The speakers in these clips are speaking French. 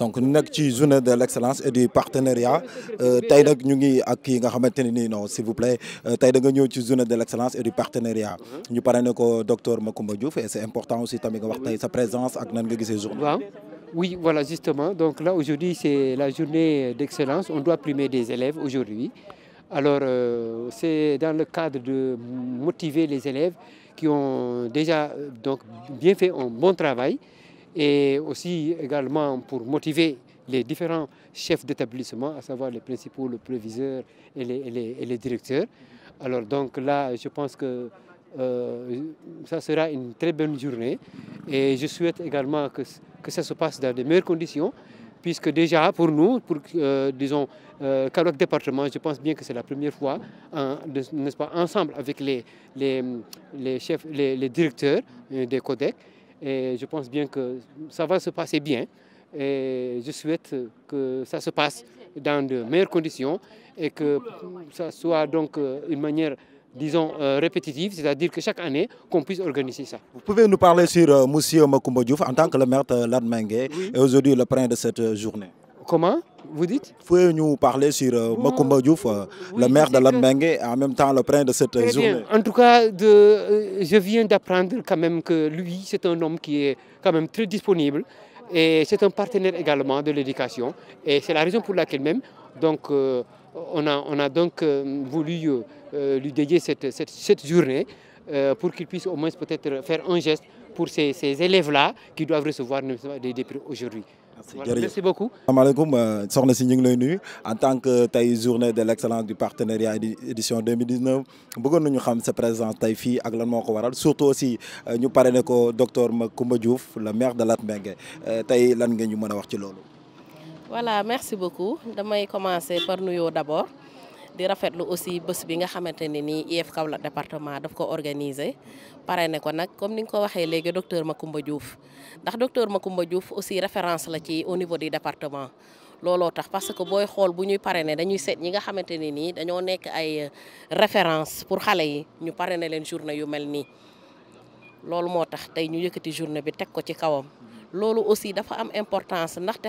donc sommes dans la journée de l'excellence et du partenariat Nous euh, nag ñu ngi non s'il vous plaît euh, journée de l'excellence et du partenariat parlons avec le docteur Makoumba Diouf et c'est important aussi de sa présence avec nan nga journée. oui voilà justement donc là aujourd'hui c'est la journée d'excellence. on doit primer des élèves aujourd'hui alors euh, c'est dans le cadre de motiver les élèves qui ont déjà donc bien fait un bon travail et aussi également pour motiver les différents chefs d'établissement, à savoir les principaux, le préviseur et les, directeurs. Alors donc là, je pense que euh, ça sera une très bonne journée et je souhaite également que, ça se passe dans de meilleures conditions puisque déjà pour nous, pour, euh, disons, euh, département, je pense bien que c'est la première fois, n'est-ce pas, ensemble avec les, chefs, les, directeurs euh, des codecs, et je pense bien que ça va se passer bien. Et je souhaite que ça se passe dans de meilleures conditions et que ça soit donc euh, une manière disons, euh, répétitive, c'est-à-dire que chaque année, qu'on puisse organiser ça. Vous pouvez nous parler sur Moussio euh, Monsieur en tant que le maire de oui. et aujourd'hui le prince de cette journée Comment vous dites Vous pouvez nous parler sur euh, euh le maire de Lambengue, et en même temps le prince de cette journée. En tout cas, euh, je viens d'apprendre quand même que lui, c'est un homme qui est quand même très disponible et c'est un partenaire également de l'éducation. Et c'est la raison pour laquelle même, donc, euh, on, a, donc voulu lui dédier cette, journée pour qu'il puisse au moins peut-être faire un geste pour ces, élèves-là qui doivent recevoir des prix aujourd'hui merci beaucoup. asalaamaaleykum euh, soxna si ñu ngi lay nuyu en tant que taille journée de l'excellence du partenariat édition 2019 nous nañu xam sa présence tey fii ak lan moo waral surtout aussi euh, ñu parrainé ko docteur Macoumba Diouf le maire de Latmingué euh, tey lan nous ñu mën wax ci loolu. voilà merci beaucoup damay commencer par nous d'abord. di rafetlu aussi bés bi nga xamante ne nii IEF Kaolack département daf ko organiser pare ne ko nag comme ni nga ko waxee léegi docteur Macoumba Diouf ndax ma Macoumba Diouf aussi référence la ci au niveau du département. looloo tax parce que booy xool bu ñuy parrainé dañuy seet ñi nga xamante ne nii dañoo nekk ay référence pour xale yi ñu pare ne leen journée yu mel nii loolu moo tax tey ñu yëkkati journée bi teg ko ci kawam. loolu aussi dafa am importance ndaxte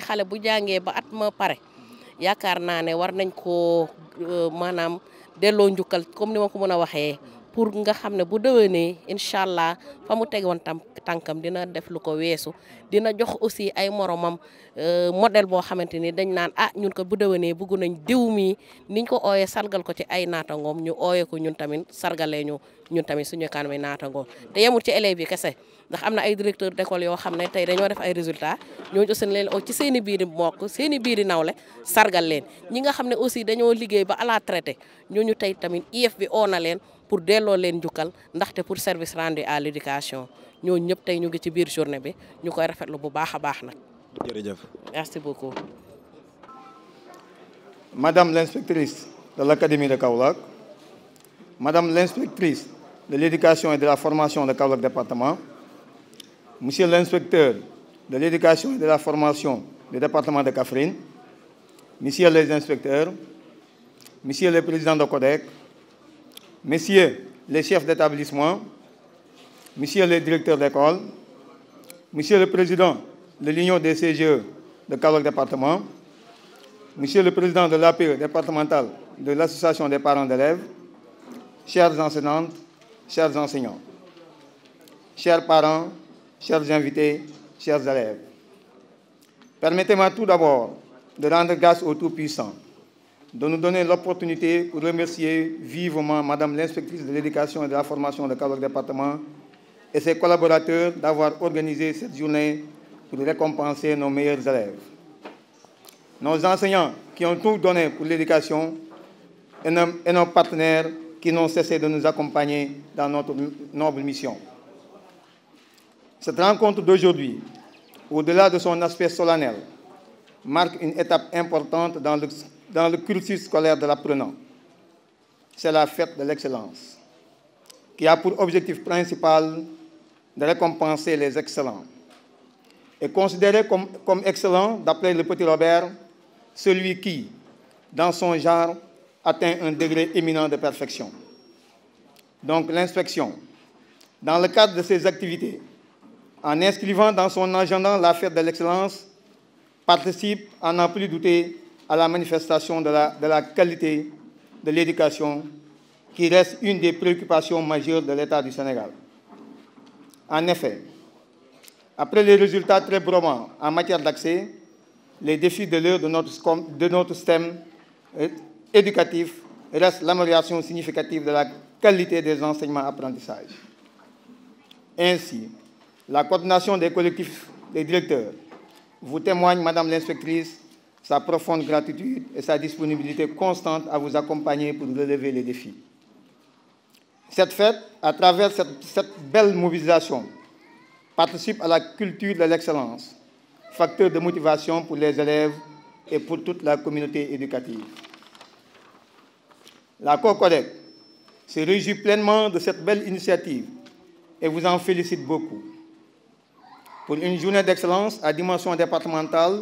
yaakaar naa ne war nañ koo euh, maanaam delloo njukkal comme ni ma ko mën a waxee pour nga xam ne bu déwénee incha allah fa mu teg woon tànkam dina def lu ko weesu dina jox aussi ay moromam euh, modèle boo xamante ni dañ naan a ah, ñun ko bu déwénee bëgg nañ diw mii niñ ko ooyee sargal ko ci ay naatangoom ñu ooyee ko ñun tamit sargalee ñu ñun tamit suñu kanam naatangoom te yemul ci élèves yi kese ndax am na ay directeur d'école yoo xam ne tey dañoo def ay résultat résultats ñooñu aussi leen ci seeni i biiri seeni seen i biiri nawle sargal leen ñi nga xam ne aussi dañoo liggéey ba à la traité ñooñu tey tamit IEF bi oo na leen pour delloo leen njukkal ndaxte pour service Nous avons journée nous ñu merci beaucoup. Madame l'inspectrice de l'Académie de Kaolack, Madame l'inspectrice de l'éducation et de la formation de Kaolack département, Monsieur l'inspecteur de l'éducation et de la formation du département de Kafrine, Monsieur les inspecteurs, Monsieur le président de CODEC, Messieurs les chefs d'établissement, Monsieur le directeur d'école, Monsieur le président de l'Union des CGE de Caloc département, Monsieur le président de l'APE départementale de l'Association des parents d'élèves, chères enseignantes, chers enseignants, chers parents, chers invités, chers élèves. Permettez-moi tout d'abord de rendre grâce au Tout-Puissant, de nous donner l'opportunité de remercier vivement Madame l'inspectrice de l'éducation et de la formation de Caloc département, et ses collaborateurs d'avoir organisé cette journée pour récompenser nos meilleurs élèves. Nos enseignants qui ont tout donné pour l'éducation et nos, partenaires qui n'ont cessé de nous accompagner dans notre noble mission. Cette rencontre d'aujourd'hui, au-delà de son aspect solennel, marque une étape importante dans le, dans le cursus scolaire de l'apprenant. C'est la fête de l'excellence, qui a pour objectif principal de récompenser les excellents. Et considérer comme, excellent, d'appeler le petit Robert, celui qui, dans son genre, atteint un degré éminent de perfection. Donc l'inspection, dans le cadre de ses activités, en inscrivant dans son agenda l'affaire de l'excellence, participe, à n'en plus douter, à la manifestation de la, de la qualité de l'éducation qui reste une des préoccupations majeures de l'État du Sénégal. En effet, après les résultats très bromants en matière d'accès, les défis de l'heure de notre, de notre système euh, éducatif restent l'amélioration significative de la qualité des enseignements-apprentissages. Ainsi, la coordination des collectifs des directeurs vous témoigne, Madame l'inspectrice, sa profonde gratitude et sa disponibilité constante à vous accompagner pour relever les défis. Cette fête, à travers cette, belle mobilisation, participe à la culture de l'excellence, facteur de motivation pour les élèves et pour toute la communauté éducative. La COCODEC se réjouit pleinement de cette belle initiative et vous en félicite beaucoup. Pour une journée d'excellence à dimension départementale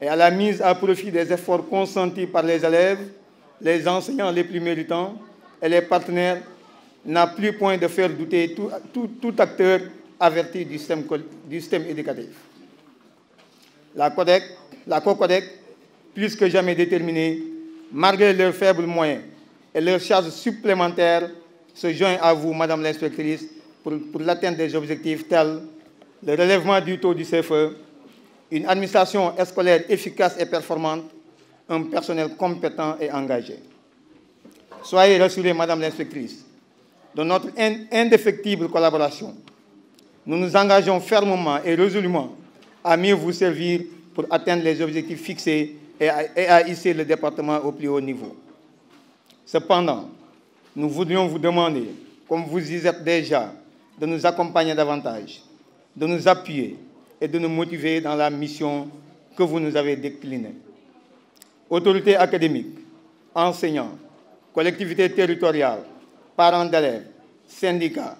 et à la mise à profit des efforts consentis par les élèves, les enseignants les plus méritants et les partenaires n'a plus point de faire douter tout, acteur averti du système, du système éducatif. La CODEC, la COCODEC, plus que jamais déterminée, malgré leurs faibles moyens et leurs charges supplémentaires, se joint à vous, Madame l'inspectrice, pour, pour l'atteinte des objectifs tels le relèvement du taux du CFE, une administration scolaire efficace et performante, un personnel compétent et engagé. Soyez rassurée, Madame l'inspectrice, de notre indéfectible collaboration. Nous nous engageons fermement et résolument à mieux vous servir pour atteindre les objectifs fixés et à, hisser le département au plus haut niveau. Cependant, nous voudrions vous demander, comme vous y êtes déjà, de nous accompagner davantage, de nous appuyer et de nous motiver dans la mission que vous nous avez déclinée. Autorités académiques, enseignants, collectivités territoriales, parents d'élèves, syndicats,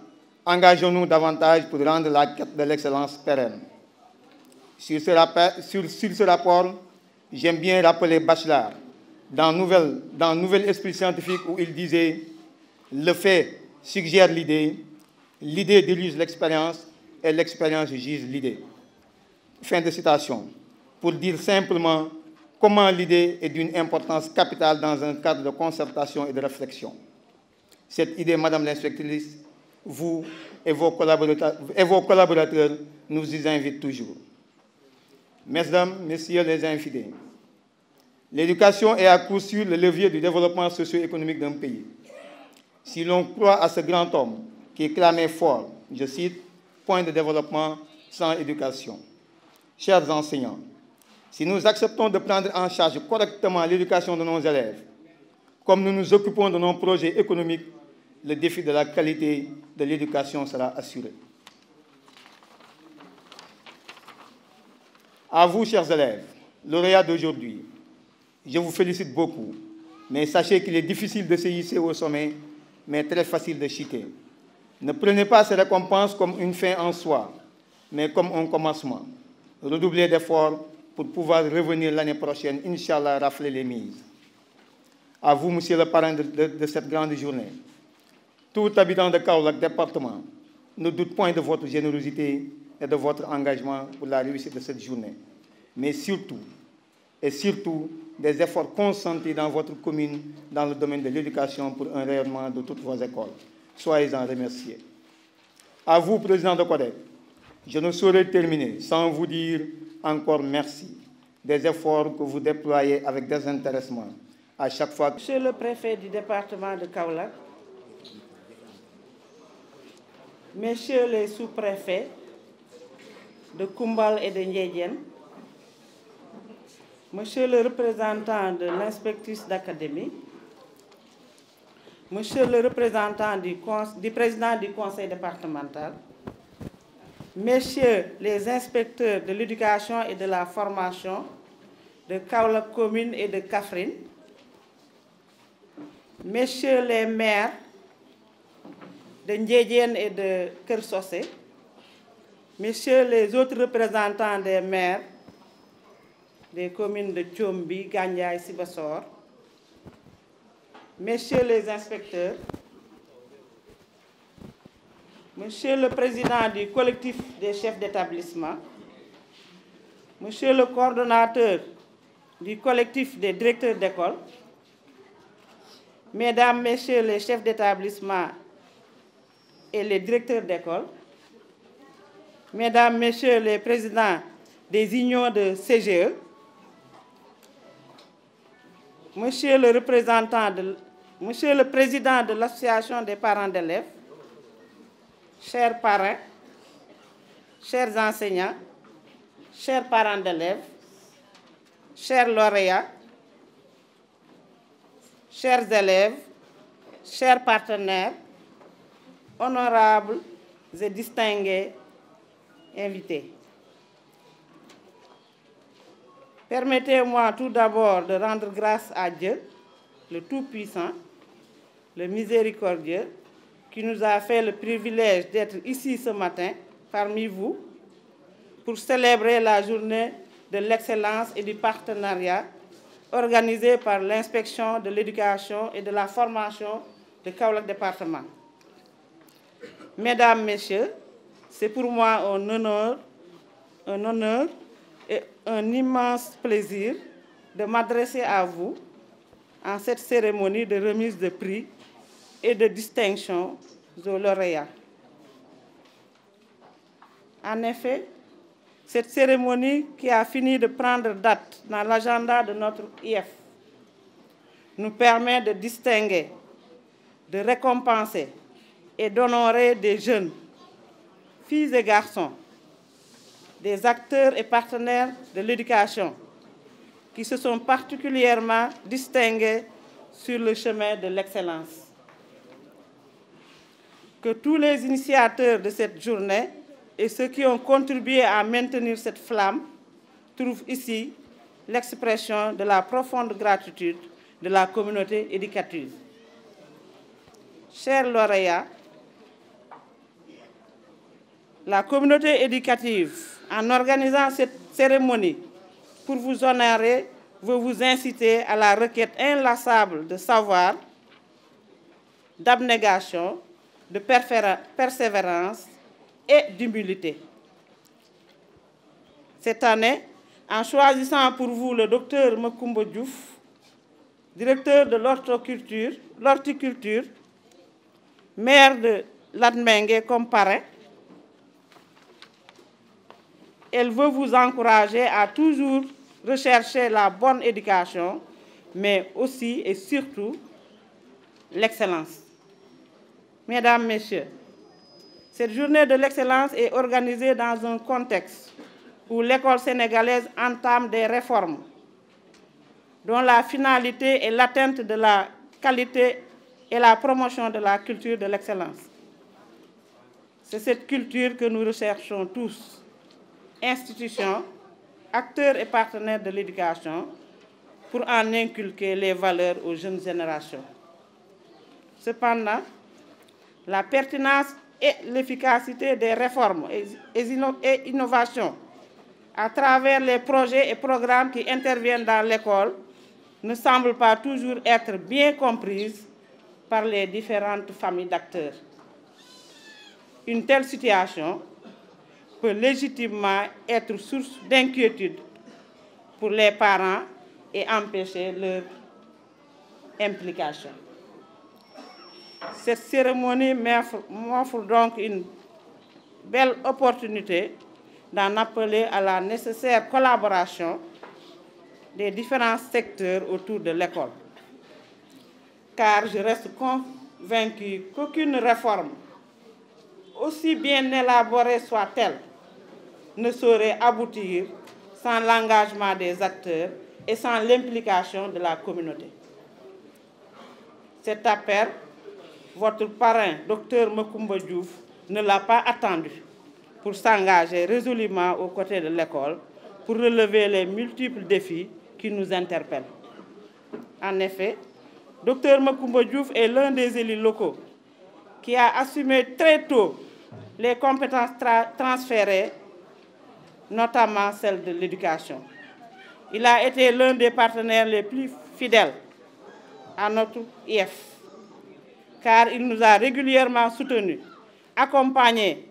engageons-nous davantage pour rendre la quête de l'excellence pérenne. Sur ce, rapport, j'aime bien rappeler Bachelard, dans Nouvel, dans Nouvel Esprit Scientifique, où il disait Le fait suggère l'idée, l'idée déluge l'expérience, et l'expérience juge l'idée. Fin de citation. Pour dire simplement comment l'idée est d'une importance capitale dans un cadre de concertation et de réflexion. Cette idée, Madame l'inspectrice, vous et vos, collaborateurs, nous y invitent toujours. Mesdames, Messieurs les infidèles, l'éducation est à coup sûr le levier du développement socio-économique d'un pays. Si l'on croit à ce grand homme qui clamait fort, je cite, point de développement sans éducation. Chers enseignants, si nous acceptons de prendre en charge correctement l'éducation de nos élèves, comme nous nous occupons de nos projets économiques le défi de la qualité de l'éducation sera assuré. À vous, chers élèves, lauréats d'aujourd'hui, je vous félicite beaucoup, mais sachez qu'il est difficile de se hisser au sommet, mais très facile de chuter. Ne prenez pas ces récompenses comme une fin en soi, mais comme un commencement. Redoublez d'efforts pour pouvoir revenir l'année prochaine, Inch'Allah, rafler les mises. À vous, monsieur le parrain de cette grande journée, tout habitant de Kaolack département ne doute point de votre générosité et de votre engagement pour la réussite de cette journée, mais surtout et surtout des efforts consentis dans votre commune dans le domaine de l'éducation pour un rayonnement de toutes vos écoles. Soyez-en remerciés. À vous, président de Codec, je ne saurais terminer sans vous dire encore merci des efforts que vous déployez avec désintéressement à chaque fois. Monsieur le préfet du département de Kaolack, messieurs les sous-préfets de Kumbal et de Ndiédiène, monsieur le représentant de l'inspectrice d'académie, monsieur le représentant du, président du conseil départemental, messieurs les inspecteurs de l'éducation et de la formation de Kaula Commune et de Kafrine, messieurs les maires de Ndiédiène et de Kersosé, messieurs les autres représentants des maires des communes de Tchombi, Ganya et Sibassor, messieurs les inspecteurs, monsieur le président du collectif des chefs d'établissement, monsieur le coordonnateur du collectif des directeurs d'école, mesdames, messieurs les chefs d'établissement et les directeurs d'école, mesdames, messieurs les présidents des unions de CGE, monsieur le représentant de, monsieur le président de l'association des parents d'élèves, chers parents, chers enseignants, chers parents d'élèves, chers lauréats, chers élèves, chers partenaires, honorables et distingués invités. Permettez-moi tout d'abord de rendre grâce à Dieu, le Tout-Puissant, le Miséricordieux, qui nous a fait le privilège d'être ici ce matin parmi vous pour célébrer la journée de l'excellence et du partenariat organisée par l'inspection de l'éducation et de la formation de Kaolak département. Mesdames, Messieurs, c'est pour moi un honneur, un honneur et un immense plaisir de m'adresser à vous en cette cérémonie de remise de prix et de distinction aux lauréats. En effet, cette cérémonie qui a fini de prendre date dans l'agenda de notre IF nous permet de distinguer, de récompenser et d'honorer des jeunes, filles et garçons, des acteurs et partenaires de l'éducation qui se sont particulièrement distingués sur le chemin de l'excellence. Que tous les initiateurs de cette journée et ceux qui ont contribué à maintenir cette flamme trouvent ici l'expression de la profonde gratitude de la communauté éducative. Chers lauréats, la communauté éducative, en organisant cette cérémonie pour vous honorer, veut vous inciter à la requête inlassable de savoir, d'abnégation, de persévérance et d'humilité. Cette année, en choisissant pour vous le docteur Mokumbo Diouf, directeur de l'horticulture, maire de Ladmengue comme parrain, elle veut vous encourager à toujours rechercher la bonne éducation, mais aussi et surtout l'excellence. Mesdames, Messieurs, cette journée de l'excellence est organisée dans un contexte où l'école sénégalaise entame des réformes dont la finalité est l'atteinte de la qualité et la promotion de la culture de l'excellence. C'est cette culture que nous recherchons tous institutions, acteurs et partenaires de l'éducation pour en inculquer les valeurs aux jeunes générations. Cependant, la pertinence et l'efficacité des réformes et innovations à travers les projets et programmes qui interviennent dans l'école ne semblent pas toujours être bien comprises par les différentes familles d'acteurs. Une telle situation peut légitimement être source d'inquiétude pour les parents et empêcher leur implication. Cette cérémonie m'offre donc une belle opportunité d'en appeler à la nécessaire collaboration des différents secteurs autour de l'école. Car je reste convaincu qu'aucune réforme, aussi bien élaborée soit-elle, ne saurait aboutir sans l'engagement des acteurs et sans l'implication de la communauté. Cet appel, votre parrain, docteur Mokumba Diouf, ne l'a pas attendu pour s'engager résolument aux côtés de l'école pour relever les multiples défis qui nous interpellent. En effet, docteur Mokumba Diouf est l'un des élus locaux qui a assumé très tôt les compétences transférées notamment celle de l'éducation. Il a été l'un des partenaires les plus fidèles à notre IF, car il nous a régulièrement soutenus, accompagnés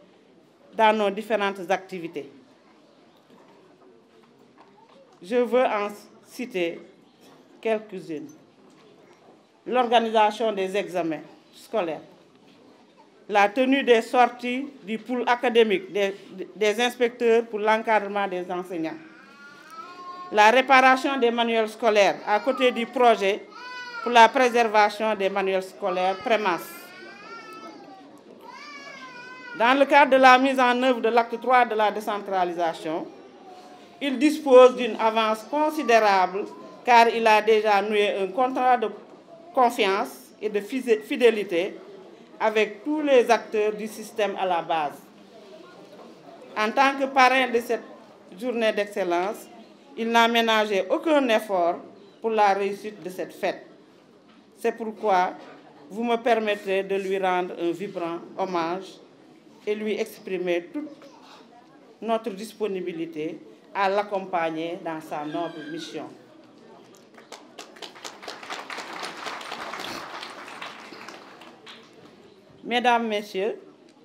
dans nos différentes activités. Je veux en citer quelques-unes. L'organisation des examens scolaires, la tenue des sorties du pool académique des, inspecteurs pour l'encadrement des enseignants. La réparation des manuels scolaires à côté du projet pour la préservation des manuels scolaires prémas. Dans le cadre de la mise en œuvre de l'acte 3 de la décentralisation, il dispose d'une avance considérable car il a déjà noué un contrat de confiance et de fidélité avec tous les acteurs du système à la base. En tant que parrain de cette journée d'excellence, il n'a ménagé aucun effort pour la réussite de cette fête. C'est pourquoi vous me permettrez de lui rendre un vibrant hommage et lui exprimer toute notre disponibilité à l'accompagner dans sa noble mission. Mesdames, Messieurs,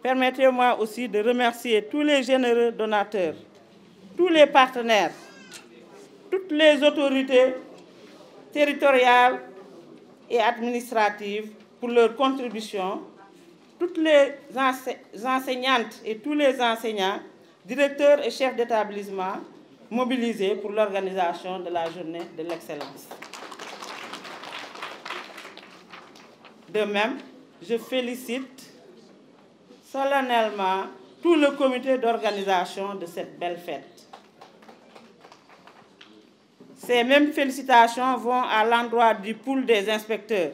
permettez-moi aussi de remercier tous les généreux donateurs, tous les partenaires, toutes les autorités territoriales et administratives pour leur contribution, toutes les enseignantes et tous les enseignants, directeurs et chefs d'établissement mobilisés pour l'organisation de la journée de l'excellence. De même, je félicite solennellement tout le comité d'organisation de cette belle fête. Ces mêmes félicitations vont à l'endroit du pool des inspecteurs,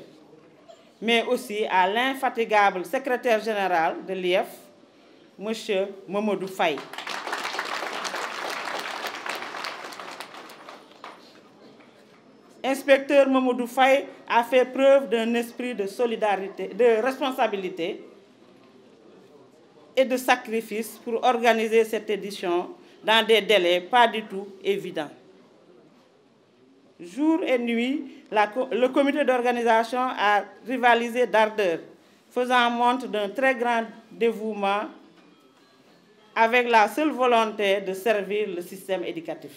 mais aussi à l'infatigable secrétaire général de l'IF, M. Momodou Faye. inspecteur Mamoudou Faye a fait preuve d'un esprit de solidarité, de responsabilité et de sacrifice pour organiser cette édition dans des délais pas du tout évidents. Jour et nuit, le comité d'organisation a rivalisé d'ardeur, faisant montre d'un très grand dévouement avec la seule volonté de servir le système éducatif.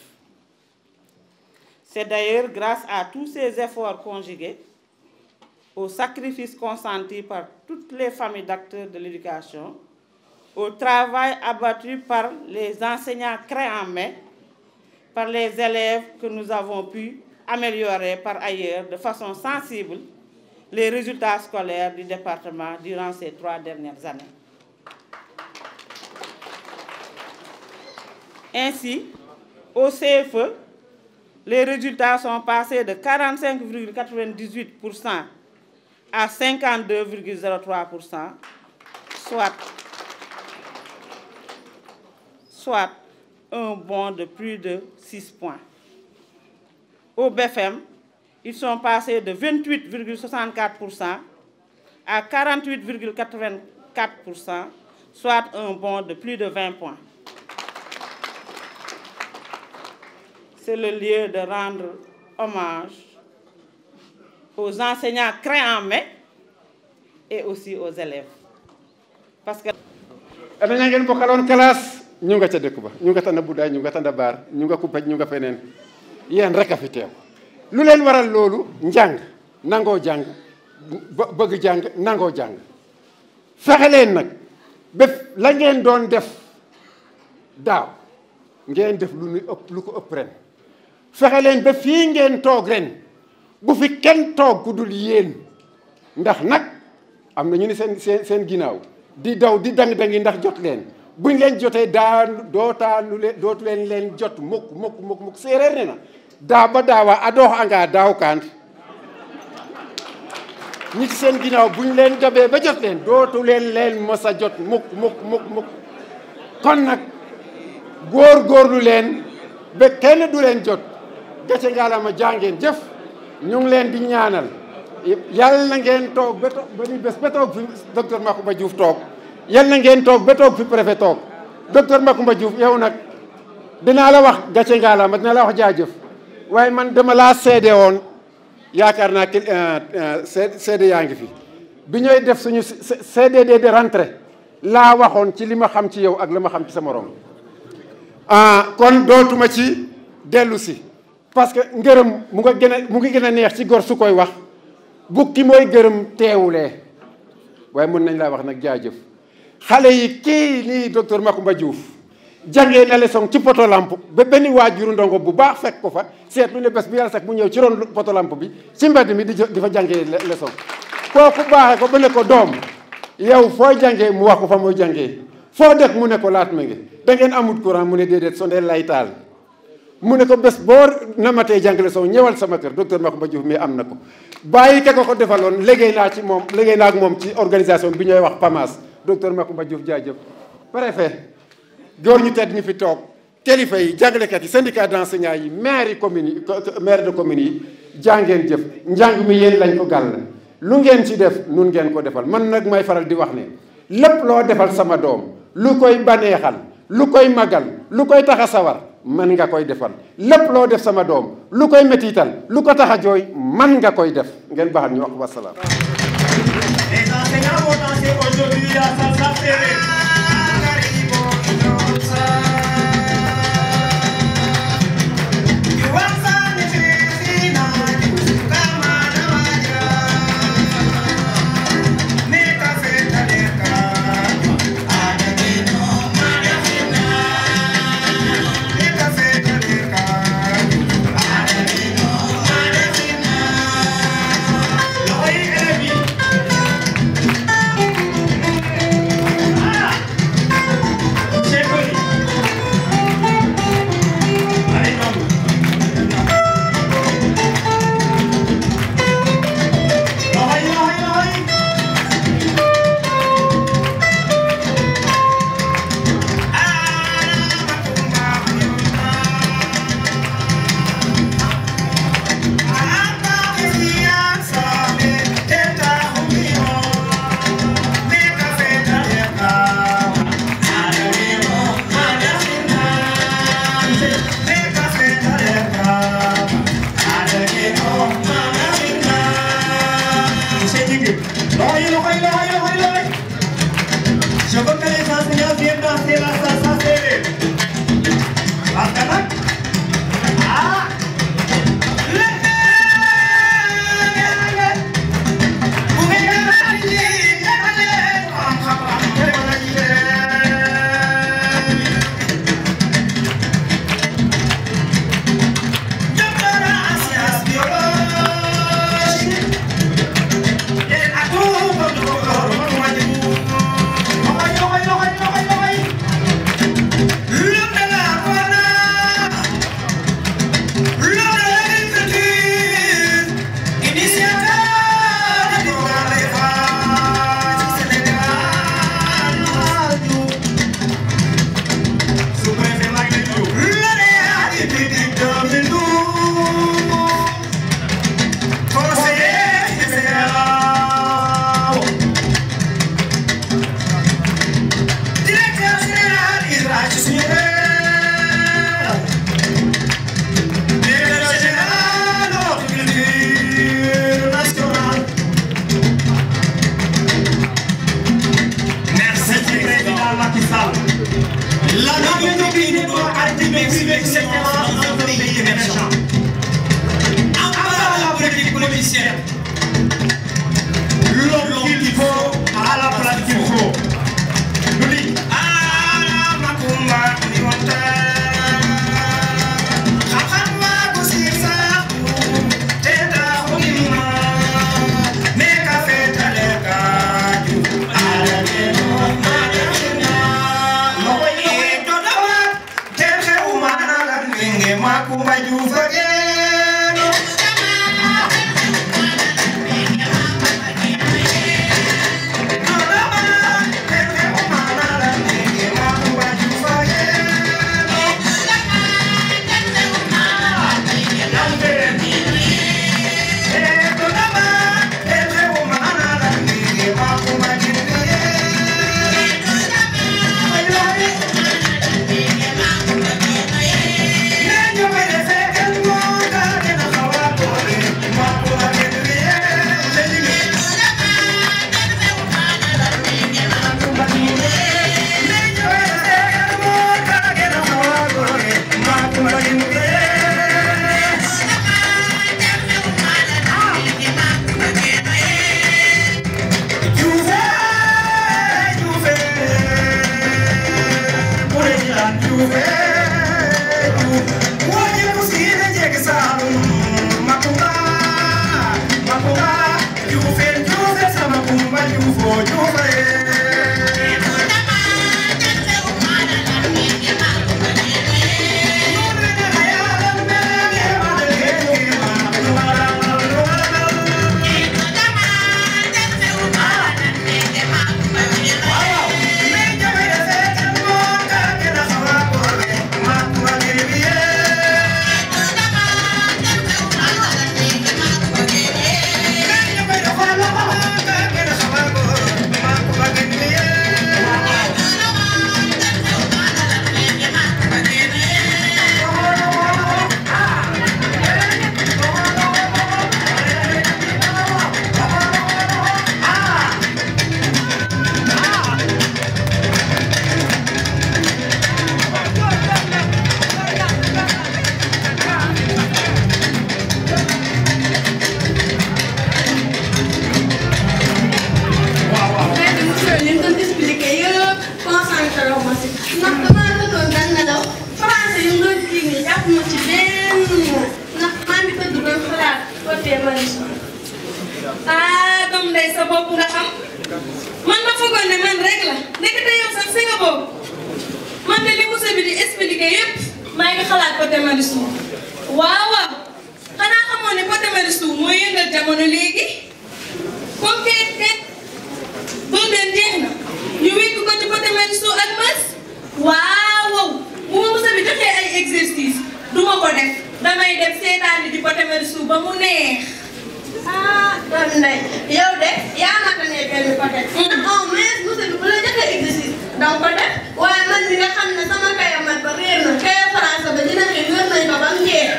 C'est d'ailleurs grâce à tous ces efforts conjugués, aux sacrifices consentis par toutes les familles d'acteurs de l'éducation, au travail abattu par les enseignants créés en main, par les élèves que nous avons pu améliorer par ailleurs de façon sensible les résultats scolaires du département durant ces trois dernières années. Ainsi, au CFE, les résultats sont passés de 45,98% à 52,03%, soit, un bond de plus de 6 points. Au BFM, ils sont passés de 28,64% à 48,84%, soit un bond de plus de 20 points. c'est le lieu de rendre hommage aux enseignants créés en mai et aussi aux élèves. Parce que. dañoo eh ben, ngeen bokkaloon classe ñu nga ca dëkk ba ñu nga tànn Budaay ñu nga tànn Baar ñu nga Kumpaj ñu nga feneen yéen rek a fi teew lu leen waral loolu njàng Nango jang, bëgg jang, nango jang. fexe leen nag ba la ngeen doon def daaw ngeen def lu nu ëpp lu ko ëpp ren. fexe leen ba fii ngeen toog ren bu fi kenn toog ku dul yéen ndax nag am na ñu ne seen seen seen ginnaaw di daw di dang-dangi ndax jot leen buñ leen jotee daa dootaanu dootu leen leen jot mukk mukk mukk mukk séeréer ne na daa ba daawa adoox anga daaw kaan ñi seen ginaaw buñ leen dabee ba jot leen dootu leen leen mës a jot mukk mukk mukk mukk kon nag góor góorlu leen ba ken du leen jot gàcce ngaalaama jàngeen jëf ñu ngi leen di ñaanal yàlla na ngeen toog ba toog ba ni bés ba toog fi docteur Macoumba Diouf toog yàlla na ngeen toog ba toog fi préfet toog docteur Macoumba Diouf yow nag dinaa la wax gàcce ngaalaama dinaa la wax jaajëf waaye man dama laa seede woon yaakaar naa ki euh, euh, seede yaa ngi fi bi ñooy def suñu CDD de rentrée laa waxoon ci li ma xam ci yow ak li ma xam ci sa morom ah kon dootuma ci dellusi parce que ngërëm mu nga gën a mu ngi gën a neex ci gor su koy wax bukki mooy gërëm teewulee waaye mën nañ laa wax nag jaajëf xale yi kii nii docteur Macoumba Diouf jàngee na leçon ci poto lamp ba benn waajuru ndongo bu baax fekk ko fa seetlu ne bés bu yàlla sax mu ñëw ci ron poto lamp bi ci mbedd mi di fa jàngee leçon kooku baaxee ko ba ne doom yow foo jàngee mu wax ko fa muy jàngee foo def mu nekko laat mi ngi da ngeen amul courant mu ne déedéet sondeel lay taal mu ne ko bés boo namatee jàngale sow ñëwal sama kër docteur Macoumba Diouf mii am na ko bàyyi te ko ko defaloon liggéey naa ci moom liggéey naa ak moom ci organisation bi ñooy wax PAMAS docteur Macoumba Diouf jaajëf préfet góor ñu tedd ñu fi toog kilifa yi jàngalekat yi syndicat d'enseignants yi maire yi communes yi maire de commune yi jàngeen jëf njàng mi yéen lañ ko gàll lu ngeen ci def nun ngeen ko defal man nag may faral di wax ne lépp loo defal sama doom lu koy baneexal lu koy magal lu koy tax a sawar man nga koy defal lépp loo def sama doom lu koy métital lu ko tax a jooy man nga koy def ngeen baaxal ñu wax wasalaam Hayır hayır hayır hayır. Şapın kalesi sasıyla ziyemde asıyla sasıyla. Hatta bak. ndax damaa tëddoon daan nelaw français yi mu liggéey jàpp ma ci benn yoon ndax maa ngi tëdd doon xalaat côté Marisol. ah doom day sa bopp nga xam man ma foogoon ne man rek la ndekete yow sax si nga boobu man de li monsieur bi di expliqué yëpp maa ngi xalaat côté Marisol waaw waaw xanaa xamoon ne côté Marisol mooy yëngal jamono léegi comme que. boobu leen jeex na ñu wékk ko ci côté Marisol ak Mas. waaw bu ma musa bi joxee ay exercice du ko def damay def seetaan di ko temer ba mu neex ah kon nday de yaa ma tane benn côté mm. au ah, moins musa bi bu la joxee exercice donc ko def waaye man mi nga xam ne sama kaya mat ba réer na kaya français ba dina xëy wér nañ ko ba mu jeex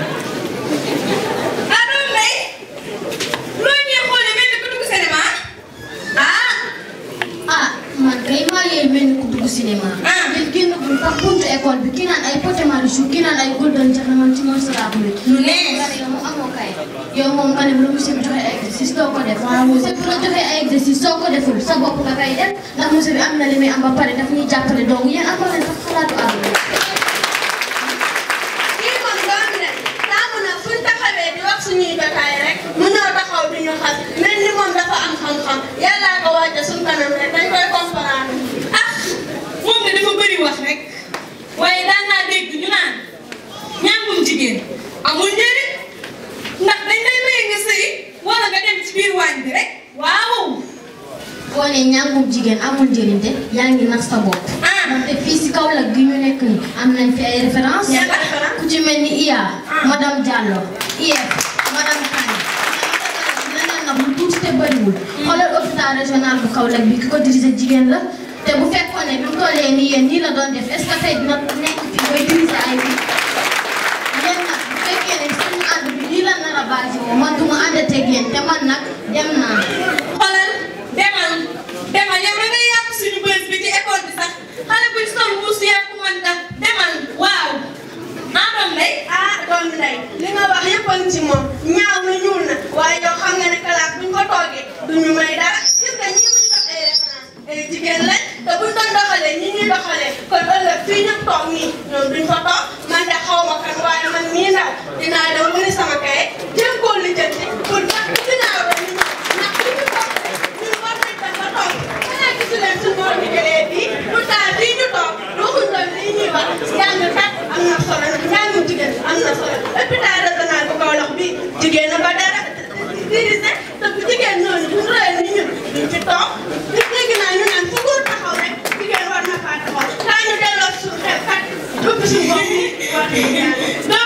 ah man kay maa yee mel ni ku dugg cinéma. ngeen génn ko sax buntu école bi kii naan ay potemadu chou kii naan ay golden jax na man ci moom sera bu lu neex nga mu amoo kay yow moom nga ne bu la monsieur bi joxe soo ko def. waaw monsieur bu la joxee ay soo ko deful sa bopp nga kay def ndax monsieur bi am na li am ba pare daf ñuy jàppale donc yéen am na leen xalaatu àdduna. suñuy jotaay rek mu ñëw taxaw di ñu xas mel ni moom dafa am xam-xam yàllaa ko wàcce suñ kanam rek dañ koy comprendre ah moom ne dafa bëri wax rek waaye daan naa dégg ñu naan ñàngum jigéen amul njëriñ ndax dañ lay maye nga sëy wala nga dem ci biir waañ bi rek waaw boo nee ñàngum jigéen amul njëriñ te yaa ngi nax sa bopp ah. te fii si Kaolack gi ñu nekk nii am nañ fi ay référence ku ci mel ni IA ah. madame Diallo IEF madame Kane leneen nag lu tuuti te bëriwul xoolal hôpital régional bu Kaolack bi ki ko dirigé jigéen la te bu fekkoon ne bi mu tollee nii yéen nii la doon def est-ce que tey dina nekk fii bay dirigé ay bi yéen nag bu fekkee ne suñu ànd bi nii la nar a basé woo man du ma àndateeg yéen te man nag dem naa doom li nga wax yëpp a ngi ci moom ñaaw na ñuul na waaye yow xam nga ne kalaas buñ ko toogee duñu may dara gis nga ñii muy dox ay référence ay jigéen lañ te buñ doon doxalee ñi ñuy doxalee kon ëllëg fii ñëpp toog nii ñoom duñ fa toog man de xaw ma kan waaye man nii ndaw dinaa dem mu ni sama kaye jëm koo lijjanti pour ndax dinaa ba ñu ñëw ndax li ñu toog ñun war nañ dem ba toog xanaa gisu leen suñ borom bi jëlee bii pourtant fii ñu toog waxuñ doon lii ñuy wax jàng tàkk am na solo nag njàngum jigéen am na solo hôpital régional bu Kaolack bi jigéen a ba dara dirigé te bu jigéen ñooñu bu ñu royee ni ñun duñ ci toog gis dégg naa ñu naan fu góor taxaw rek jigéen war na faa taxaw kaa ñu delloo suñu xel kat yóbbu suñu bopp yi war nañu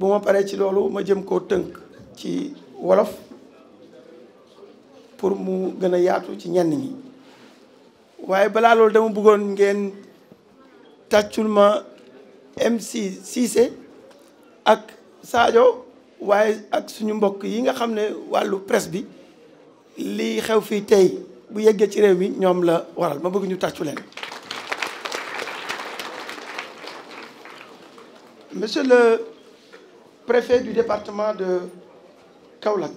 bu ma paree ci loolu ma jëm koo tënk ci wolof pour mu gën a yaatu ci ñenn ñi waaye balaa loolu dama bëggoon ngeen tàccul ma MC ak saajo waaye ak suñu mbokk yi nga xam ne wàllu presse bi lii xew fii tey bu yeggee ci réew mi ñoom la waral ma bëgg ñu tàccu leen monsieur le préfet du département de Kaulak,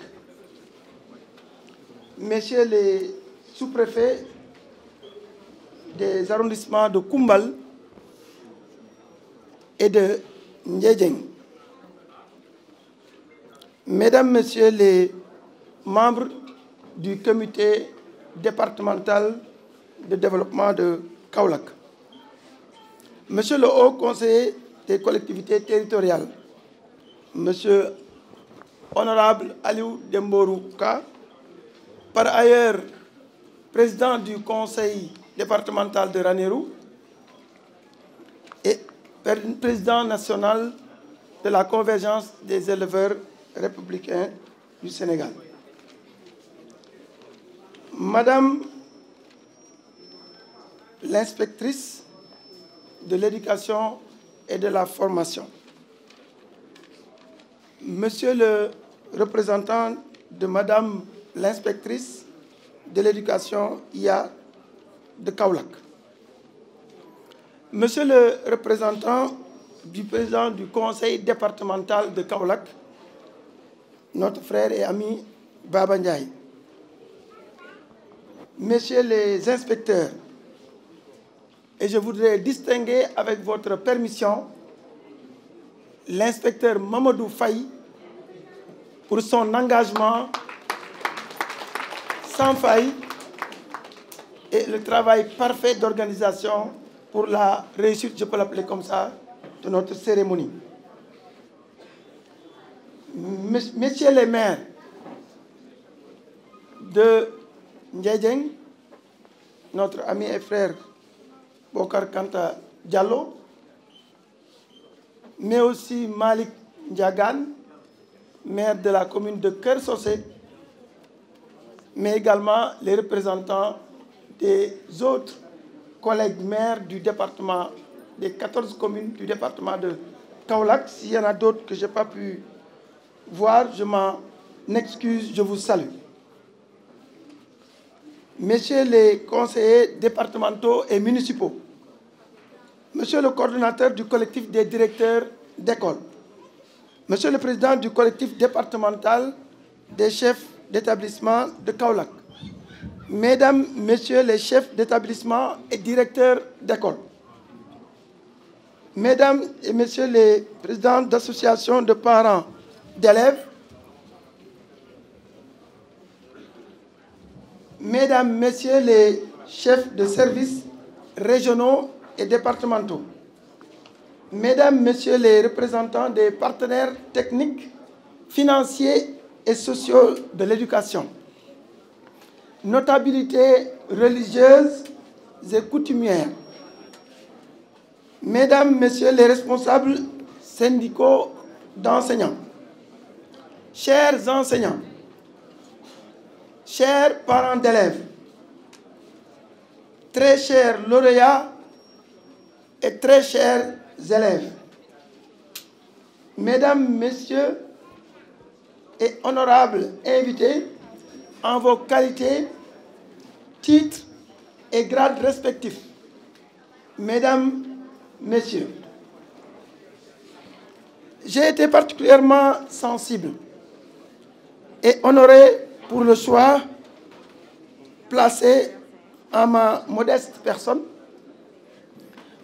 messieurs les sous-préfets des arrondissements de Kumbal et de Ndjedjeng, mesdames, messieurs les membres du comité départemental de développement de Kaulak, monsieur le haut conseiller des collectivités territoriales, Monsieur Honorable Aliou Demborouka, par ailleurs président du conseil départemental de Ranérou et président national de la convergence des éleveurs républicains du Sénégal. Madame l'inspectrice de l'éducation et de la formation. Monsieur le représentant de Madame l'inspectrice de l'éducation IA de Kaulak. Monsieur le représentant du président du conseil départemental de Kaulak, notre frère et ami Baba Ndiaye. Messieurs les inspecteurs, et je voudrais distinguer avec votre permission l'inspecteur Mamadou Faye pour son engagement sans faille et le travail parfait d'organisation pour la réussite, je peux l'appeler comme ça, de notre cérémonie. Messieurs les maires de Ndjedjeng, notre ami et frère Bokar Kanta Diallo, mais aussi Malik Ndiagan, maire de la commune de Kersosé, mais également les représentants des autres collègues maires du département, des 14 communes du département de Kaolac. S'il y en a d'autres que je n'ai pas pu voir, je m'en excuse, je vous salue. Messieurs les conseillers départementaux et municipaux, Monsieur le coordonnateur du collectif des directeurs d'école, Monsieur le Président du collectif départemental des chefs d'établissement de Kaolac, Mesdames, Messieurs les chefs d'établissement et directeurs d'école, Mesdames et Messieurs les présidents d'associations de parents d'élèves, Mesdames, Messieurs les chefs de services régionaux et départementaux, Mesdames, Messieurs les représentants des partenaires techniques, financiers et sociaux de l'éducation, notabilités religieuses et coutumières, Mesdames, Messieurs les responsables syndicaux d'enseignants, chers enseignants, chers parents d'élèves, très chers lauréats et très chers élèves, mesdames, messieurs et honorables invités, en vos qualités, titres et grades respectifs, mesdames, messieurs, j'ai été particulièrement sensible et honoré pour le choix placé en ma modeste personne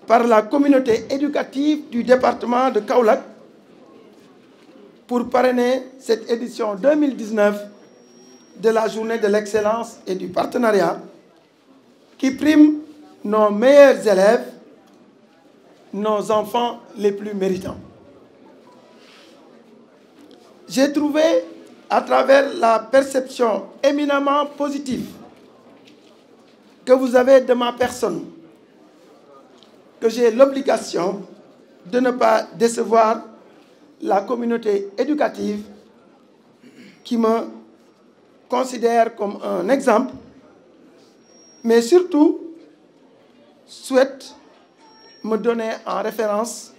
par la communauté éducative du département de Kaolack pour parrainer cette édition 2019 de la journée de l'excellence et du partenariat qui prime nos meilleurs élèves, nos enfants les plus méritants. J'ai trouvé à travers la perception éminemment positive que vous avez de ma personne que j'ai l'obligation de ne pas décevoir la communauté éducative qui me considère comme un exemple, mais surtout souhaite me donner en référence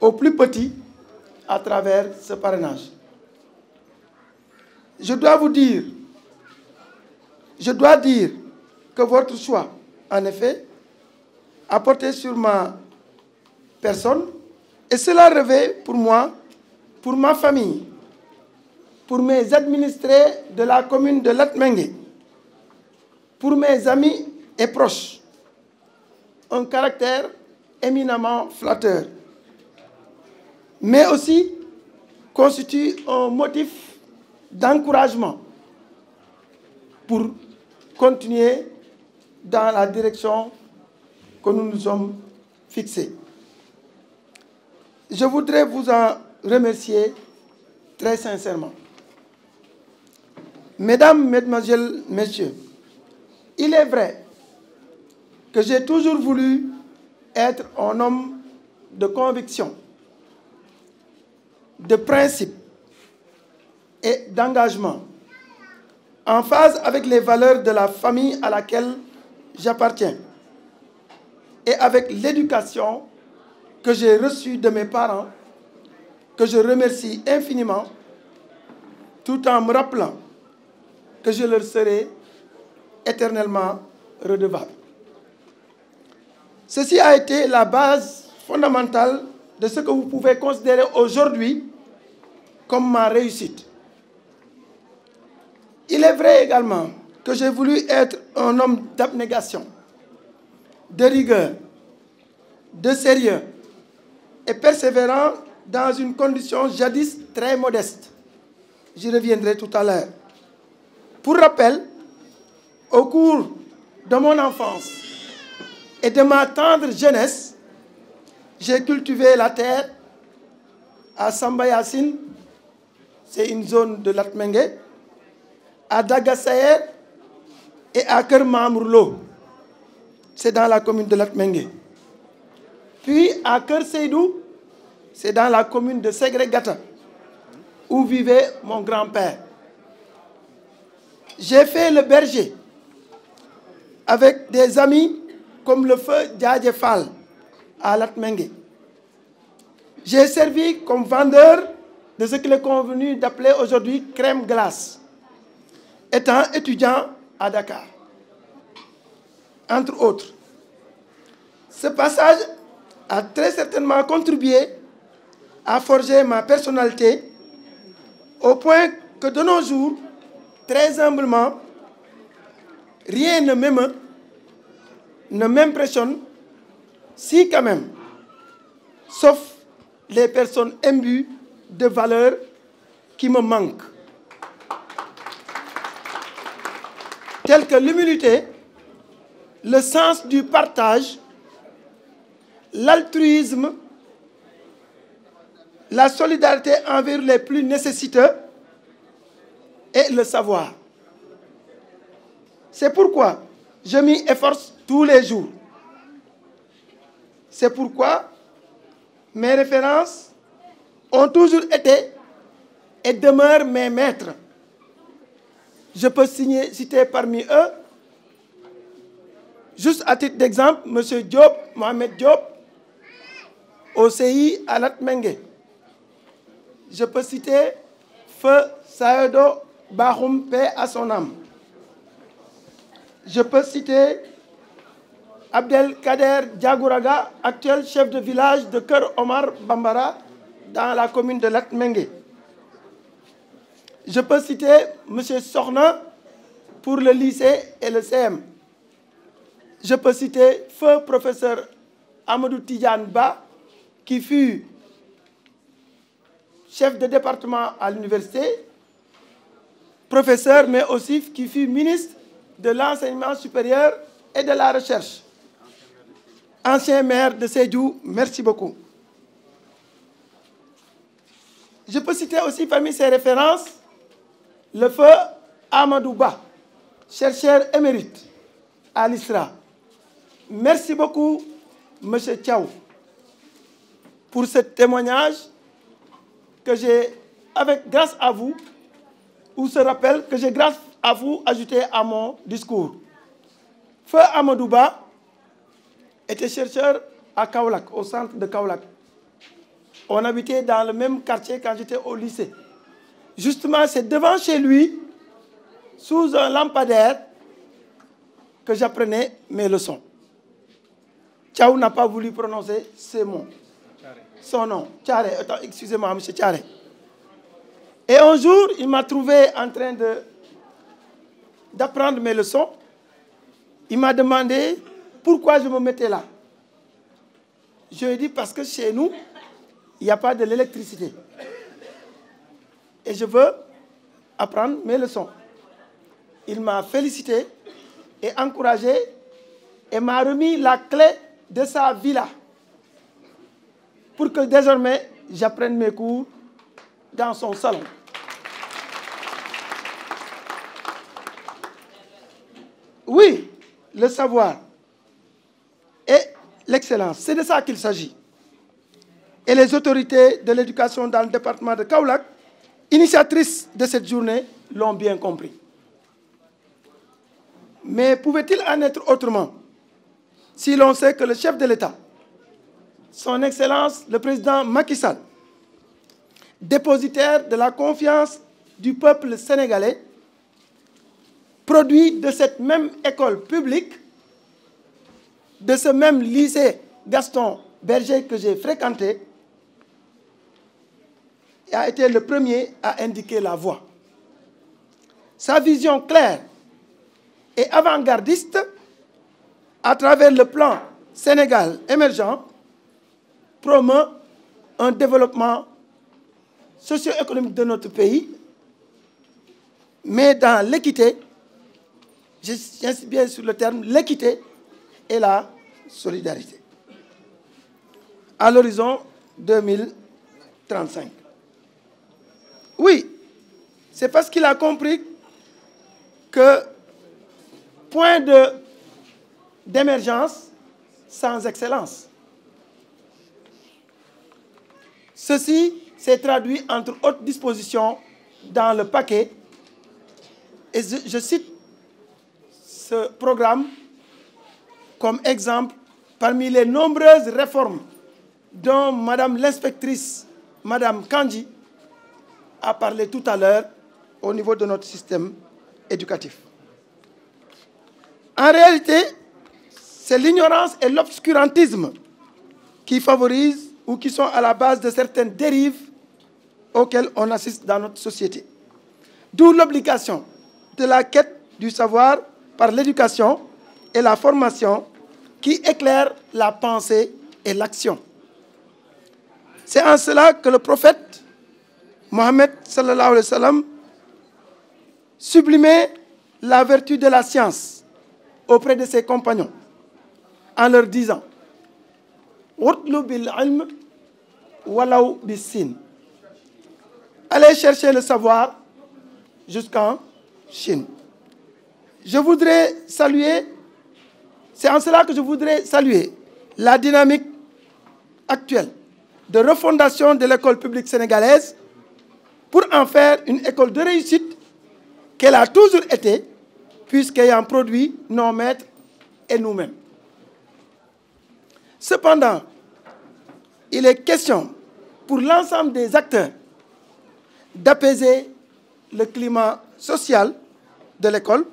aux plus petits à travers ce parrainage. Je dois vous dire, je dois dire que votre choix, en effet, apporté sur ma personne et cela revêt pour moi, pour ma famille, pour mes administrés de la commune de Latmengue, pour mes amis et proches, un caractère éminemment flatteur, mais aussi constitue un motif d'encouragement pour continuer dans la direction que nous nous sommes fixés. Je voudrais vous en remercier très sincèrement. Mesdames, Mesdemoiselles, Messieurs, il est vrai que j'ai toujours voulu être un homme de conviction, de principe et d'engagement, en phase avec les valeurs de la famille à laquelle j'appartiens et avec l'éducation que j'ai reçue de mes parents, que je remercie infiniment, tout en me rappelant que je leur serai éternellement redevable. Ceci a été la base fondamentale de ce que vous pouvez considérer aujourd'hui comme ma réussite. Il est vrai également que j'ai voulu être un homme d'abnégation de rigueur, de sérieux et persévérant dans une condition jadis très modeste. J'y reviendrai tout à l'heure. Pour rappel, au cours de mon enfance et de ma tendre jeunesse, j'ai cultivé la terre à Sambayasin, c'est une zone de Latmengue, à Dagasayer et à Kermamurlo c'est dans la commune de Latmengue. Puis à Kerseidou, c'est dans la commune de Segregata où vivait mon grand-père. J'ai fait le berger avec des amis comme le feu Djadjefal à Latmengue. J'ai servi comme vendeur de ce qu'il est convenu d'appeler aujourd'hui crème glace, étant étudiant à Dakar entre autres. Ce passage a très certainement contribué à forger ma personnalité au point que de nos jours, très humblement, rien ne m'aime, ne m'impressionne, si quand même, sauf les personnes imbues de valeurs qui me manquent, telles que l'humilité, le sens du partage, l'altruisme, la solidarité envers les plus nécessiteux et le savoir. C'est pourquoi je m'y efforce tous les jours. C'est pourquoi mes références ont toujours été et demeurent mes maîtres. Je peux signer, citer parmi eux Juste à titre d'exemple, M. Diop, Mohamed Diop, au CI à Latmengue. Je peux citer Feu Saedo Barumpe à son âme. Je peux citer Abdelkader Diagouraga, actuel chef de village de Cœur Omar Bambara, dans la commune de Latmengue. Je peux citer M. Sorna pour le lycée et le CM je peux citer feu professeur Amadou Tidjane Ba, qui fut chef de département à l'université, professeur, mais aussi qui fut ministre de l'enseignement supérieur et de la recherche. Ancien maire de Sédou, merci beaucoup. Je peux citer aussi parmi ses références le feu Amadou Ba, chercheur émérite à l'ISRA, Merci beaucoup, M. Tchao, pour ce témoignage que j'ai, avec grâce à vous, ou ce rappel que j'ai grâce à vous ajouté à mon discours. Feu Amadouba était chercheur à Kaolak, au centre de Kaolak. On habitait dans le même quartier quand j'étais au lycée. Justement, c'est devant chez lui, sous un lampadaire, que j'apprenais mes leçons. Tchao n'a pas voulu prononcer ce mot. Son nom, Attends, Excusez-moi, monsieur Tchare. Et un jour, il m'a trouvé en train d'apprendre mes leçons. Il m'a demandé pourquoi je me mettais là. Je lui ai dit parce que chez nous, il n'y a pas de l'électricité. Et je veux apprendre mes leçons. Il m'a félicité et encouragé et m'a remis la clé de sa villa pour que désormais j'apprenne mes cours dans son salon. Oui, le savoir et l'excellence, c'est de ça qu'il s'agit. Et les autorités de l'éducation dans le département de Kaulak, initiatrices de cette journée, l'ont bien compris. Mais pouvait-il en être autrement si l'on sait que le chef de l'État, son Excellence le président Macky Sall, dépositaire de la confiance du peuple sénégalais, produit de cette même école publique, de ce même lycée Gaston Berger que j'ai fréquenté, a été le premier à indiquer la voie. Sa vision claire et avant-gardiste à travers le plan Sénégal émergent, promeut un développement socio-économique de notre pays, mais dans l'équité, j'insiste bien sur le terme, l'équité et la solidarité. À l'horizon 2035. Oui, c'est parce qu'il a compris que point de d'émergence sans excellence. Ceci s'est traduit entre autres dispositions dans le paquet. Et je, cite ce programme comme exemple parmi les nombreuses réformes dont Madame l'inspectrice, Madame Kandji, a parlé tout à l'heure au niveau de notre système éducatif. En réalité, c'est l'ignorance et l'obscurantisme qui favorisent ou qui sont à la base de certaines dérives auxquelles on assiste dans notre société. D'où l'obligation de la quête du savoir par l'éducation et la formation qui éclaire la pensée et l'action. C'est en cela que le prophète Mohammed sublimait la vertu de la science auprès de ses compagnons en leur disant Allez chercher le savoir jusqu'en Chine. Je voudrais saluer, c'est en cela que je voudrais saluer la dynamique actuelle de refondation de l'école publique sénégalaise pour en faire une école de réussite qu'elle a toujours été, a produit nos maîtres et nous-mêmes. Cependant, il est question pour l'ensemble des acteurs d'apaiser le climat social de l'école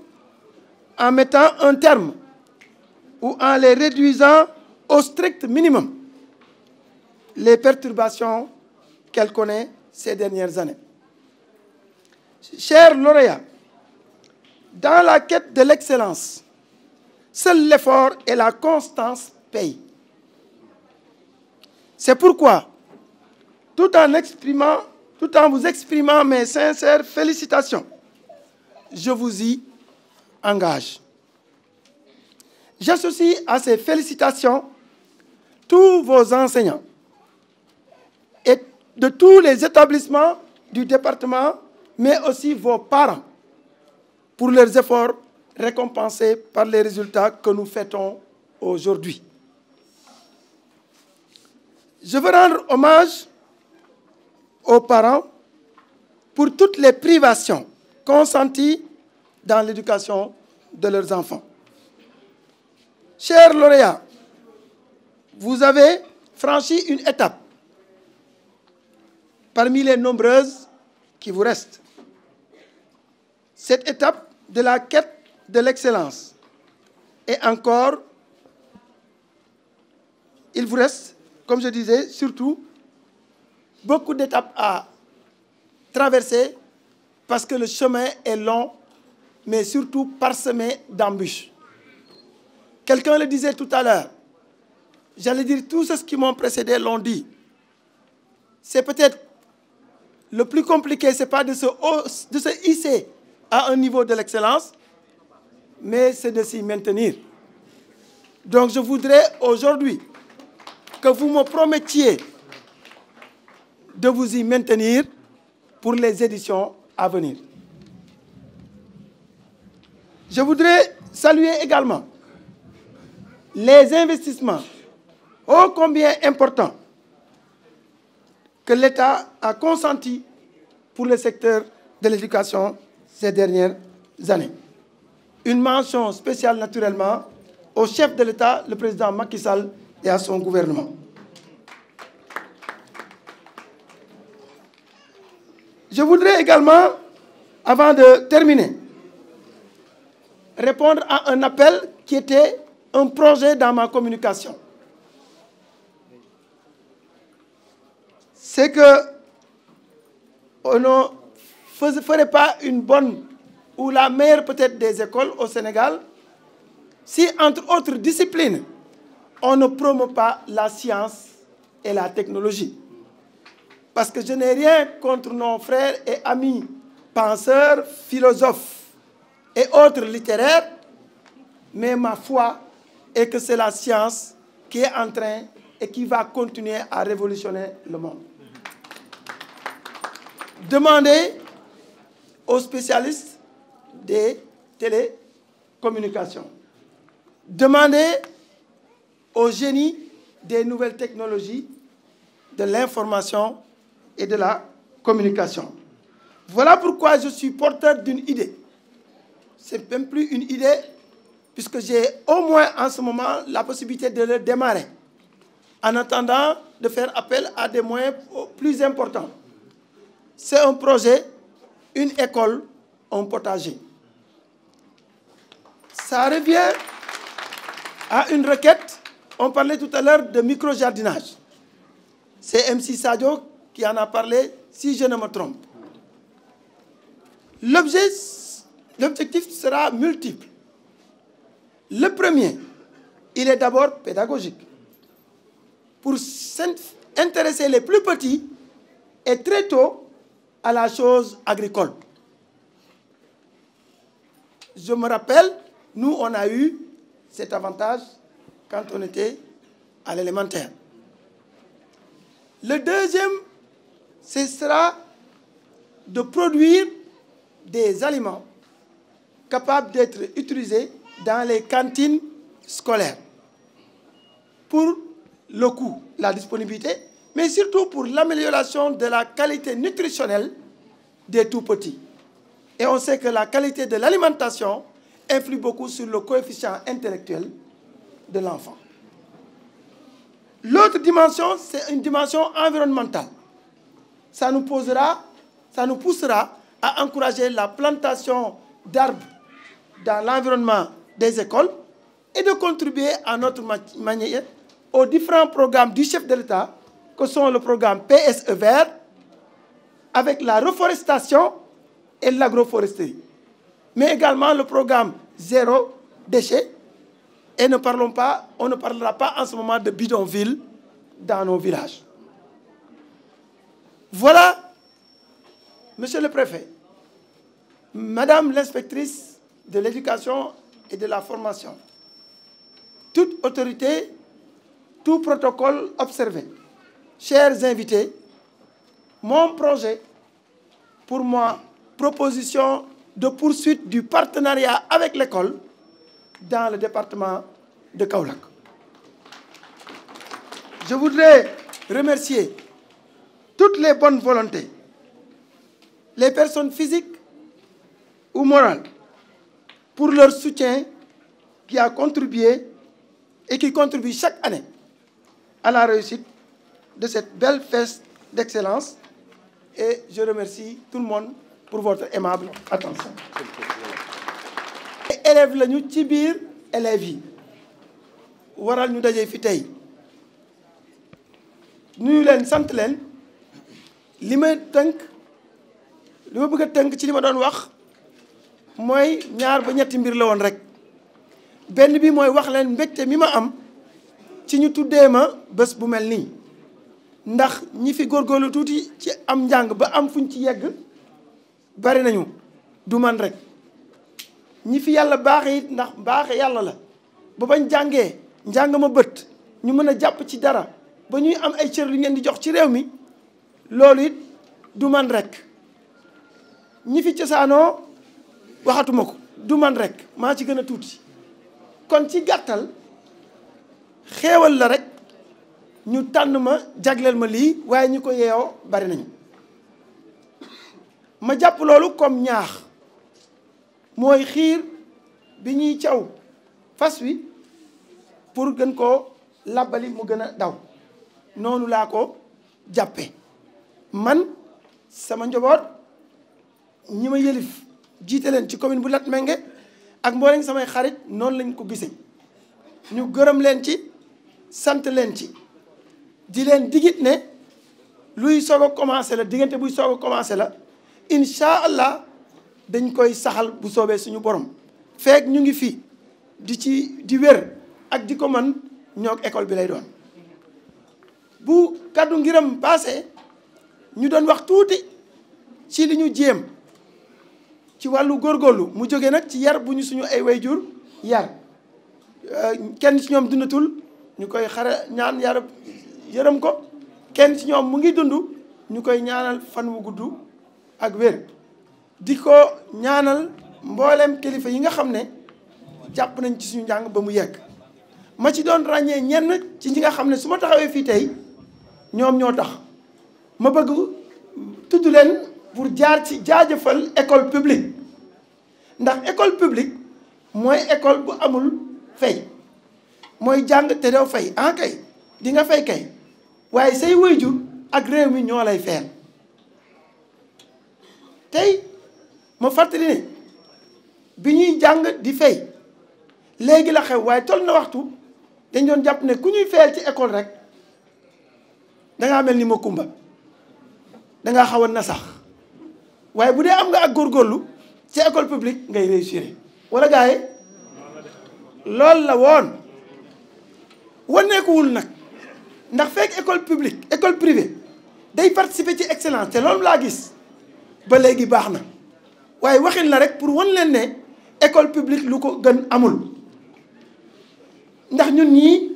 en mettant un terme ou en les réduisant au strict minimum les perturbations qu'elle connaît ces dernières années. Cher lauréats, dans la quête de l'excellence, seul l'effort et la constance payent. C'est pourquoi, tout en, tout en vous exprimant mes sincères félicitations, je vous y engage. J'associe à ces félicitations tous vos enseignants et de tous les établissements du département, mais aussi vos parents, pour leurs efforts récompensés par les résultats que nous fêtons aujourd'hui. Je veux rendre hommage aux parents pour toutes les privations consenties dans l'éducation de leurs enfants. Chers lauréats, vous avez franchi une étape parmi les nombreuses qui vous restent. Cette étape de la quête de l'excellence. Et encore, il vous reste comme je disais, surtout, beaucoup d'étapes à traverser parce que le chemin est long, mais surtout parsemé d'embûches. Quelqu'un le disait tout à l'heure, j'allais dire, tous ceux qui m'ont précédé l'ont dit. C'est peut-être le plus compliqué, ce n'est pas de se, de se hisser à un niveau de l'excellence, mais c'est de s'y maintenir. Donc je voudrais aujourd'hui que vous me promettiez de vous y maintenir pour les éditions à venir. Je voudrais saluer également les investissements ô combien importants que l'État a consentis pour le secteur de l'éducation ces dernières années. Une mention spéciale naturellement au chef de l'État, le président Macky Sall, et à son gouvernement. Je voudrais également, avant de terminer, répondre à un appel qui était un projet dans ma communication. C'est que on ne ferait pas une bonne ou la meilleure peut-être des écoles au Sénégal si entre autres disciplines on ne promeut pas la science et la technologie. Parce que je n'ai rien contre nos frères et amis, penseurs, philosophes et autres littéraires, mais ma foi est que c'est la science qui est en train et qui va continuer à révolutionner le monde. Demandez aux spécialistes des télécommunications. Demandez au génie des nouvelles technologies, de l'information et de la communication. Voilà pourquoi je suis porteur d'une idée. C'est même plus une idée, puisque j'ai au moins en ce moment la possibilité de le démarrer, en attendant de faire appel à des moyens plus importants. C'est un projet, une école, un potager. Ça revient à une requête on parlait tout à l'heure de micro-jardinage. C'est M. Sadio qui en a parlé, si je ne me trompe. L'objectif sera multiple. Le premier, il est d'abord pédagogique. Pour intéresser les plus petits et très tôt à la chose agricole. Je me rappelle, nous, on a eu cet avantage quand on était à l'élémentaire. Le deuxième, ce sera de produire des aliments capables d'être utilisés dans les cantines scolaires pour le coût, la disponibilité, mais surtout pour l'amélioration de la qualité nutritionnelle des tout-petits. Et on sait que la qualité de l'alimentation influe beaucoup sur le coefficient intellectuel de l'enfant. L'autre dimension, c'est une dimension environnementale. Ça nous posera, ça nous poussera à encourager la plantation d'arbres dans l'environnement des écoles et de contribuer à notre manière aux différents programmes du chef de l'État, que sont le programme PSE vert, avec la reforestation et l'agroforesterie, mais également le programme zéro déchet et ne parlons pas, on ne parlera pas en ce moment de bidonville dans nos villages. Voilà, monsieur le préfet, madame l'inspectrice de l'éducation et de la formation, toute autorité, tout protocole observé. Chers invités, mon projet, pour moi, proposition de poursuite du partenariat avec l'école, dans le département de Kaulak. Je voudrais remercier toutes les bonnes volontés, les personnes physiques ou morales, pour leur soutien qui a contribué et qui contribue chaque année à la réussite de cette belle fête d'excellence. Et je remercie tout le monde pour votre aimable attention. élèves lañu ci biir élèves yi waral ñu daje fi tey nuyu leen sant leen li may tënk li ma bëgg tënk ci li ma doon wax mooy ñaar ba ñetti mbir la woon rek benn bi mooy wax leen mbégte mi ma am ci ñu tuddee ma bés bu mel nii ndax ñi fi góor góorgóorlu tuuti ci am njàng ba am fuñ ci yegg bari nañu du man rek ñi fi yalla baax yi ndax baax yalla la bu bañ jàngee njàng ma ñu mëna japp ci dara ba ñuy am ay cër lu ngeen di jox ci réew mi loolu it du man rek ñi fi cosaanoo waxatuma ko du man rek maa ci gën a kon ci gàttal xéewal la rek ñu tànn ma ma lii waaye ñu ko bari nañ ma jàpp loolu comme ñaax mooy xiir bi ñuy caw fas wi pour gën koo labbali mu gën a daw noonu laa ko jàppe man sama njaboot ñi ma yëlif jiite leen ci commune bu Latmingué ak mboolem samay xarit noonu lañ ko gisee ñu gërëm leen ci sant leen ci di leen digit ne luy soog commencé la diggante buy soog a commencé la incha allah dañ koy saxal bu soobee suñu borom fek ñu ngi fi di ci di wër ak di ko man ñok école bi lay doon bu kaddu ngiram passé ñu doon wax tuuti ci nyu jëm ci walu gorgolu mu joggé nak ci yar buñu suñu ay wayjur yar euh, kenn ci ñom dundatul ñukoy xara ñaan yar yeeram ko kenn ci ñom mu ngi dundu ñukoy ñaanal fan wu guddu ak wër di ko ñaanal mboolem kilifa yi nga xam ne jàpp nañ ci suñu njàng ba mu yegg ma ci doon ràññee ñenn ci ñi nga xam ne su ma taxawee fii tey ñoom ñoo tax ma bëgg tudd leen pour jaar ci jaajëfal école publique ndax école publique mooy école bu amul fay mooy jàng te doo fay ah kay di nga fay kay waaye say waajur ak réew mi ñoo lay fayal tey ma fàttali ne bi ñuy jàng di fay léegi la xew waaye toll na waxtu dañ doon jàpp ne ku ñuy fayal ci école rek dangaa mel ni ma kumba dangaa xaw a na sax waaye bu dee am nga ak góorgóorlu ci école publique ngay réussir wala gars yi loolu la woon waneekuwul nag ndax fekk école publique école privée day participer ci excellence te loolu laa gis ba léegi baax na waaye waxin la rek pour wën leen ne école publique lu ko gën amul ndax ñun ñii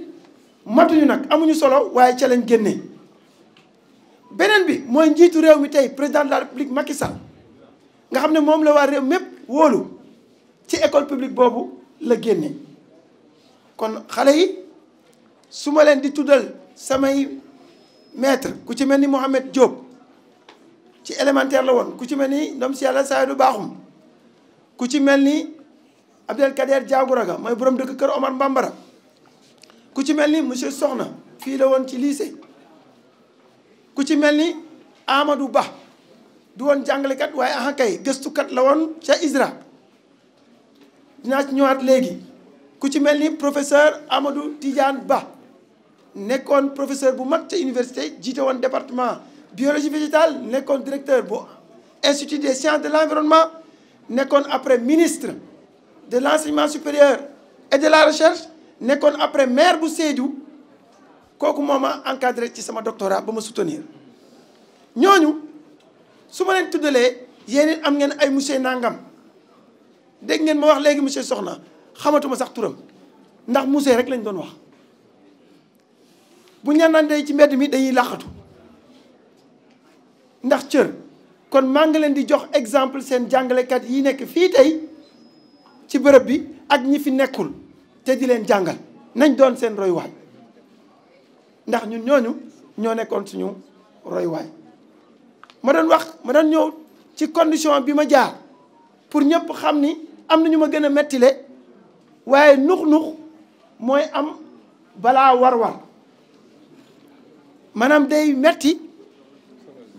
matuñu nag amuñu solo waaye ca lañ génne beneen bi mooy njiitu réew mi tey président de la république Macky nga xam ne moom la waa réew mépp wóolu ci école publique boobu la génne kon xale yi su ma leen di tuddal samay maître ku ci mel ni Mohamed Diop ci élémentaire la won ku ci melni ndom ci yalla yàlla Saydou Bakhoum ku ci melni Abdel Kader Diagouraga moy borom deuk keur Omar Bambara ku ci melni monsieur Soxna fi la won ci lycée ku ci melni Amadou Ba du jangale kat waaye ah kay kat la won ci ISRA dina ci ñewat léegi ku ci melni professeur Amadou Tidiane Ba nekkoon professeur bu mag ci université jité won département. biologie végétale nekkoon directeur bu institut des sciences de l'environnement, environnement après ministre de l'enseignement supérieur et de la recherche nekkoon après maire de Sédou, kooku encadré ci mon doctorat pour me soutenir ñooñu su ma leen tuddalee yéen it am ngeen ay monsieur Nangam dégg ngeen ma wax léegi monsieur Soxna xamatuma sax turam ndax monsieur rek lañ doon wax bu ñu naan day ci mbedd mi dañuy làqatu. ndax cër kon maa ngi leen di jox exemple seen jàngalekat yi nekk fii tey ci bërëb bi ak ñi fi nekkul te di leen jàngal nañ doon seen royuwaay ndax ñu ñooñu ñoo nekkoon suñu royuwaay ma doon wax ma doon ñëw ci condition bi ma jaar pour ñëpp xam ni am na ñu ma gën a mettile waaye nux-nux mooy am balaa war-war maanaam day metti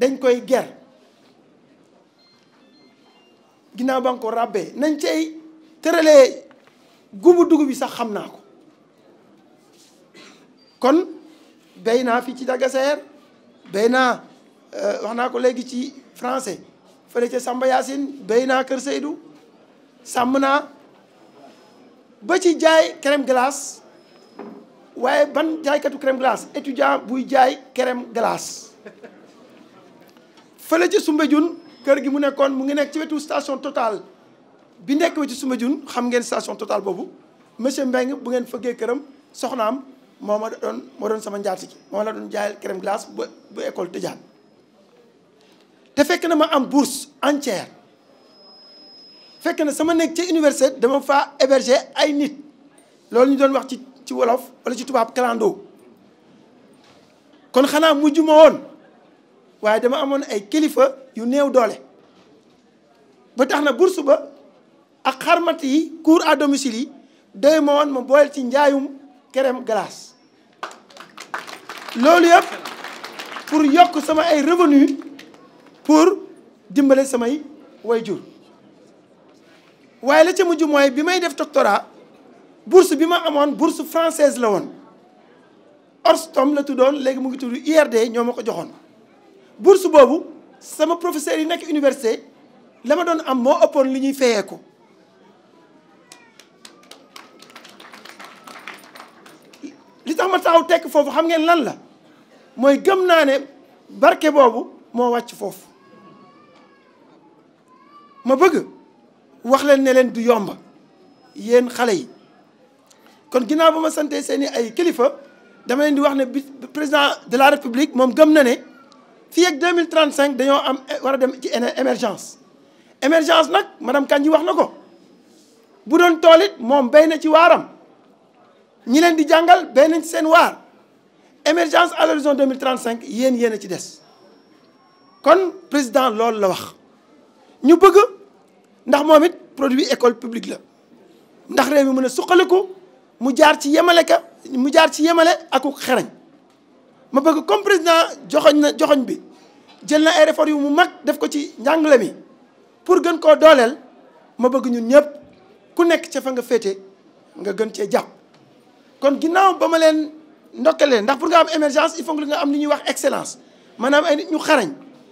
dañ koy ger ginnaaw ba nga ko ràbbee nañ cay tëralee gubu dugub yi sax xam naa ko kon bay naa fii ci Dagaseer bay naa euh, wax naa ko léegi ci français fële ca Samba Yacine bay naa Kër Seydou sàmm naa ba ci jaay crème glace waaye ban jaaykatu crème glace étudiant buy jaay crème glace fele ci Soumbédioune keur gi mu nekkoon mu ngi nek ci wetu station Total bi wetu sumbe Soumbédioune xam ngeen station Total bobu monsieur mbeng bu ngeen fegge keuram soxnam moma don mo don sama sama ci mo la don jaayal crème glace bu, ba école tidiane te fekk na ma am bourse entière fekk na sama nek ci université dama fa héberger ay nit loolu ñu don wax ci ci wolof wala ci tubab clando kon xana mujj ma waaye dama amoon ay kilifa yu néew doole ba tax na bourse ba ak xarmat yi cours à domicile yi doy ma woon ma boole ci njaayum crème glace loolu yëpp pour yokk sama ay revenu pour dimbale samay jur waaye la ca mujj mooy bi may def doctorat bourse bi ma amoon bourse française la woon Orstom la tuddoon léegi mu ngi tudd IRD ñoo ma ko joxoon bourse c'est sama professeur yi nek université la don am mo ëppoon li ñuy fayee ko li tax ma taw tek je xam ngeen lan la moy Je ne barke ma bëgg wax leen ne leen du yomba yeen xalé yi kon ginaaw bama dama leen di wax ne président de la république mom fii ak 2035 dañoo am une dem ci émergence émergence nag madame Kanji wax nako. ko bu doon tool it moom ci waram. ñi len di jangal béy ci seen waar émergence à l'horizon 2035 yeen yeen ci dess. kon président lool la wax ñu bëgg ndax momit produit école publique la ndax réew mi mëna suxaliku mu jaar ci yemale ka mu jaar ci ak aku xereñ ma bëgg comme président joxogn na joxogn bi jël na ay réformes yu mu mag def ko ci mi pour gën ko dolel ma bëgg ñun ñëpp ku nekk ci fa nga fété nga gën ci japp kon ginnaw ba ma leen ndokkalee ndax pour nga am émergence il faut nga am li ñuy wax excellence manam ay ñu xarañ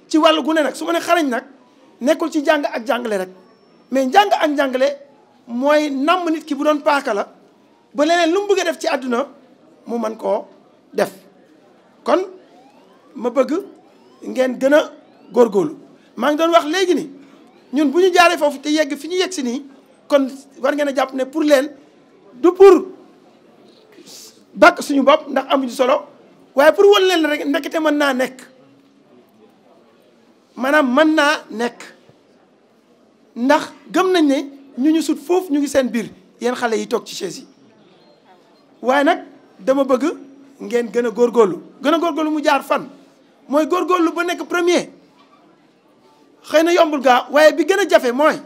ci walu gune nak suma ma ne xarañ nak nekkul ci jang ak jangale rek mais jang ak jangale moy nam nit ki bu doon paaka la ba leneen lu mu bëgg def ci aduna mu man ko def. kon ma bëgg ngeen gën a góorlu maa ngi doon wax léegi ni ñun bu ñu jaaree foofu te yegg fi ñu yegg si nii kon war ngeen a jàpp ne pour leen du pour bàkk suñu bopp ndax amuñu solo waaye pour wan leen rek ndekete mën naa nekk maanaam mën naa nekk ndax gëm nañ ne ñu ñu sut foofu ñu ngi seen biir yéen xale yi toog ci chaise yi waaye nag dama bëgg ngeen gën a góorgóorlu gën a góorgóorlu mu jaar fan mooy góorgóorlu ba nekk premier xëy na yombul gaa waaye bi gën a jafe mooy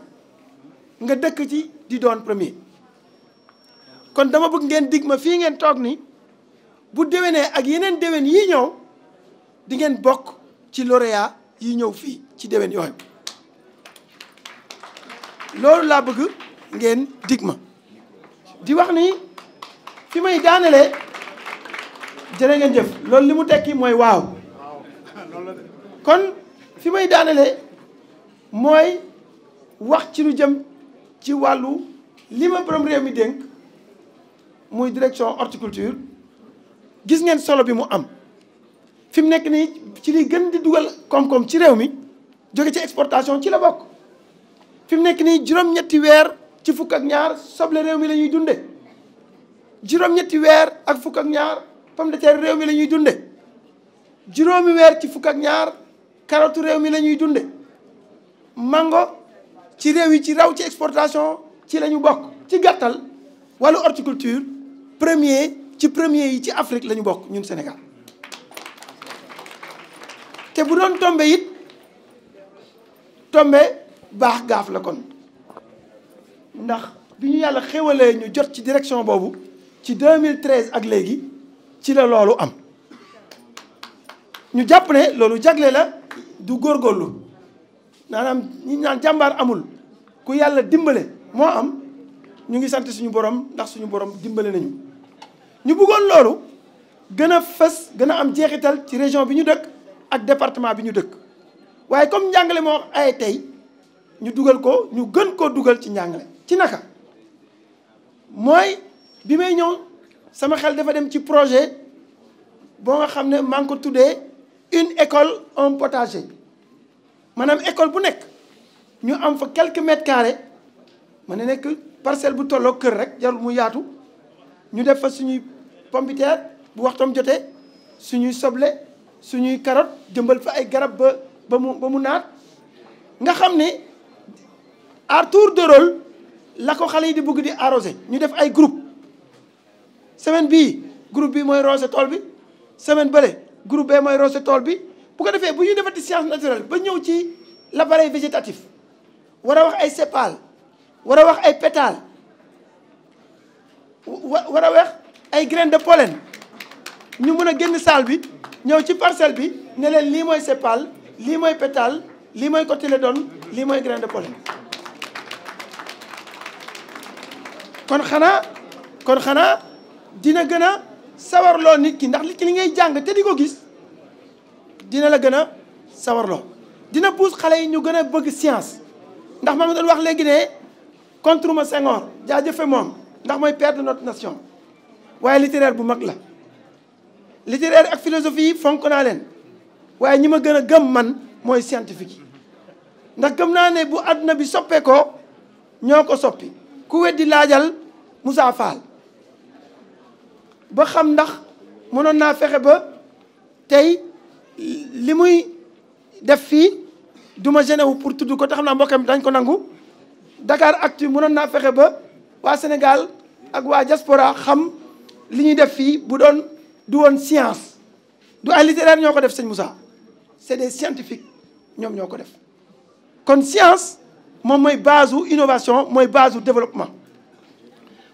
nga dëkk ci di doon premier kon dama bëgg ngeen dig ma fii ngeen toog ni bu déwénee ak yeneen déwén yi ñëw di ngeen bokk ci lauréat yi ñëw fii ci déwén yooyu laa bëgg ngeen dig ma di wax ni fi may daanelee jere ngeen jëf loolu limu tekki mooy waaw kon fi may daanale mooy wax ci lu jëm ci wàllu li ma borom réew mi dénk muy direction horticulture gis ngeen solo bi mu am fi mu nekk nii ci li gën di dugal koom-koom ci réew mi joge ci exportation ci la bokk fi mu nekk nii juróom-ñetti weer ci fukk ak ñaar soble réew mi la ñuy dunde juróom-ñetti weer ak fukk ak ñaar pomme de terre réew mi la ñuy dunde juróomi weer ci fukk ak ñaar carotte réew mi lañuy dunde màngo ci réew yi ci raw ci exportation ci lañu ñu bokk ci gàttal wàllu horticulture premier ci premier yi ci Afrique la bokk ñun Sénégal te bu doon tombe it tombe baax gaaf la kon ndax bi ñu yàlla xéwalee ñu jot ci direction boobu ci 2013 ak léegi ci la lolu am ñu japp ne lolu jaglé la du gorlu nanam ñi ñaan jambar amul ku yalla dimbalé mo am ñu ngi sant suñu borom ndax suñu borom dimbalé nañu ñu bëggoon lolu gëna fess gëna am jéxital ci région bi ñu dëkk ak département bi ñu dëkk waye comme jangalé mo ay tay ñu dugal ko ñu gën ko dugal ci jangalé ci naka moy bi may ñew sama xel dafa dem ci projet bo nga xam ne maa ko une école un potager manam école bu nek ñu am fa quelques mètres carrés mané nek parcelle bu tolloo kër rek jarul mu yaatu ñu def fa suñuy pompiteer bu waxtam jotee suñuy soblé suñuy carotte jëmbal fa ay garab ba ba mu ba mu naat nga xamné Arthur à tour de rôle la ko xale yi di bëgg di arroser ñu def ay groupe semaine B, groupe bi moy roose tol bi semaine groupe B moy Rose, tol bi bu ko bu ñu defati science naturelle ba ci l'appareil végétatif wara a wax ay sépales wara wax ay pétales wax ay graines de pollen ñu mëna génn salle bi ñew ci parcelle bi ne leen lii sépale pétale de pollen kon dina gën a sawarloo nit ki ndax li ki li ngay jàng te di ko gis dina la gën a sawarloo dina pousse xale yi ñu gën a bëgg science ndax man ngi doon wax léegi ne contre ma Senghor jaajëfe moom ndax mooy père de notre nation waaye littéraire bu mag la littéraire ak philosophie yi fonk naa leen waaye ñi ma gën a gëm man mooy scientifique yi ndax gëm naa ne bu àdduna bi soppee ko ñoo ko soppi ku weddi laajal Moussa Fall ba xam ndax mënoon naa fexe ba tey li muy def fii du ma gêné wu pour tudd ko te xam naa mbokkam dañ ko nangu Dakaractu mënoon naa fexe ba waa Sénégal ak waa diaspora xam li ñuy def fii bu doon du woon science du ay littéraire ñoo ko def sëñ Moussa c'est des scientifiques ñoom ñoo ko def kon science moom mooy base innovation mooy base développement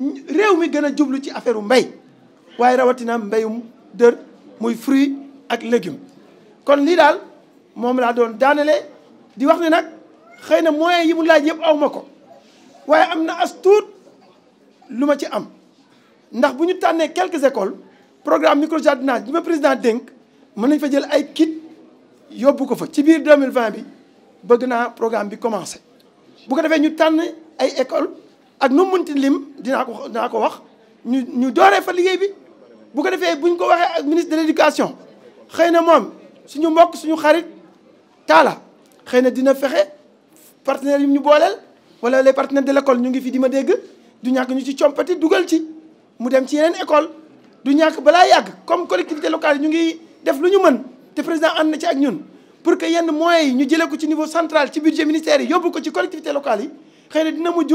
réew mi gën a jublu ci affaire mbay waaye rawatina mbayum dër muy fruit ak légume kon lii daal moom laa doon daanale di wax ne nag xëy na moyens yi mu laaj yëpp aw ma ko waaye am na as lu ma ci am ndax bu ñu tànnee quelques écoles programme micro jardinage bi ma président dénk mën nañ fa jël ay kit yóbbu ko fa ci biir 2020 bi bëgg naa programme bi commencé bu ko defee ñu tànn ay école ak nu munti lim dinaa ko dinaa ko wax ñu ñu dooree fa liggéey bi bu ko defee buñ ko waxee ak ministre de l'éducation xëy na moom suñu mbokk suñu xarit taala xëy na dina fexe partenaire yi ñu booleel wala les partenaires de l'école ñu ngi fi di ma dégg du ñàkk ñu ci compati dugal ci mu dem ci yeneen école du ñàkk balaa yàgg comme collectivité locale ñu ngi def lu ñu mën te président ànd na ci ak ñun pour que yenn moyens yi ñu jëlee ko ci niveau central ci budget ministère yi yóbbu ko ci collectivité locale yi xëy na dina mujj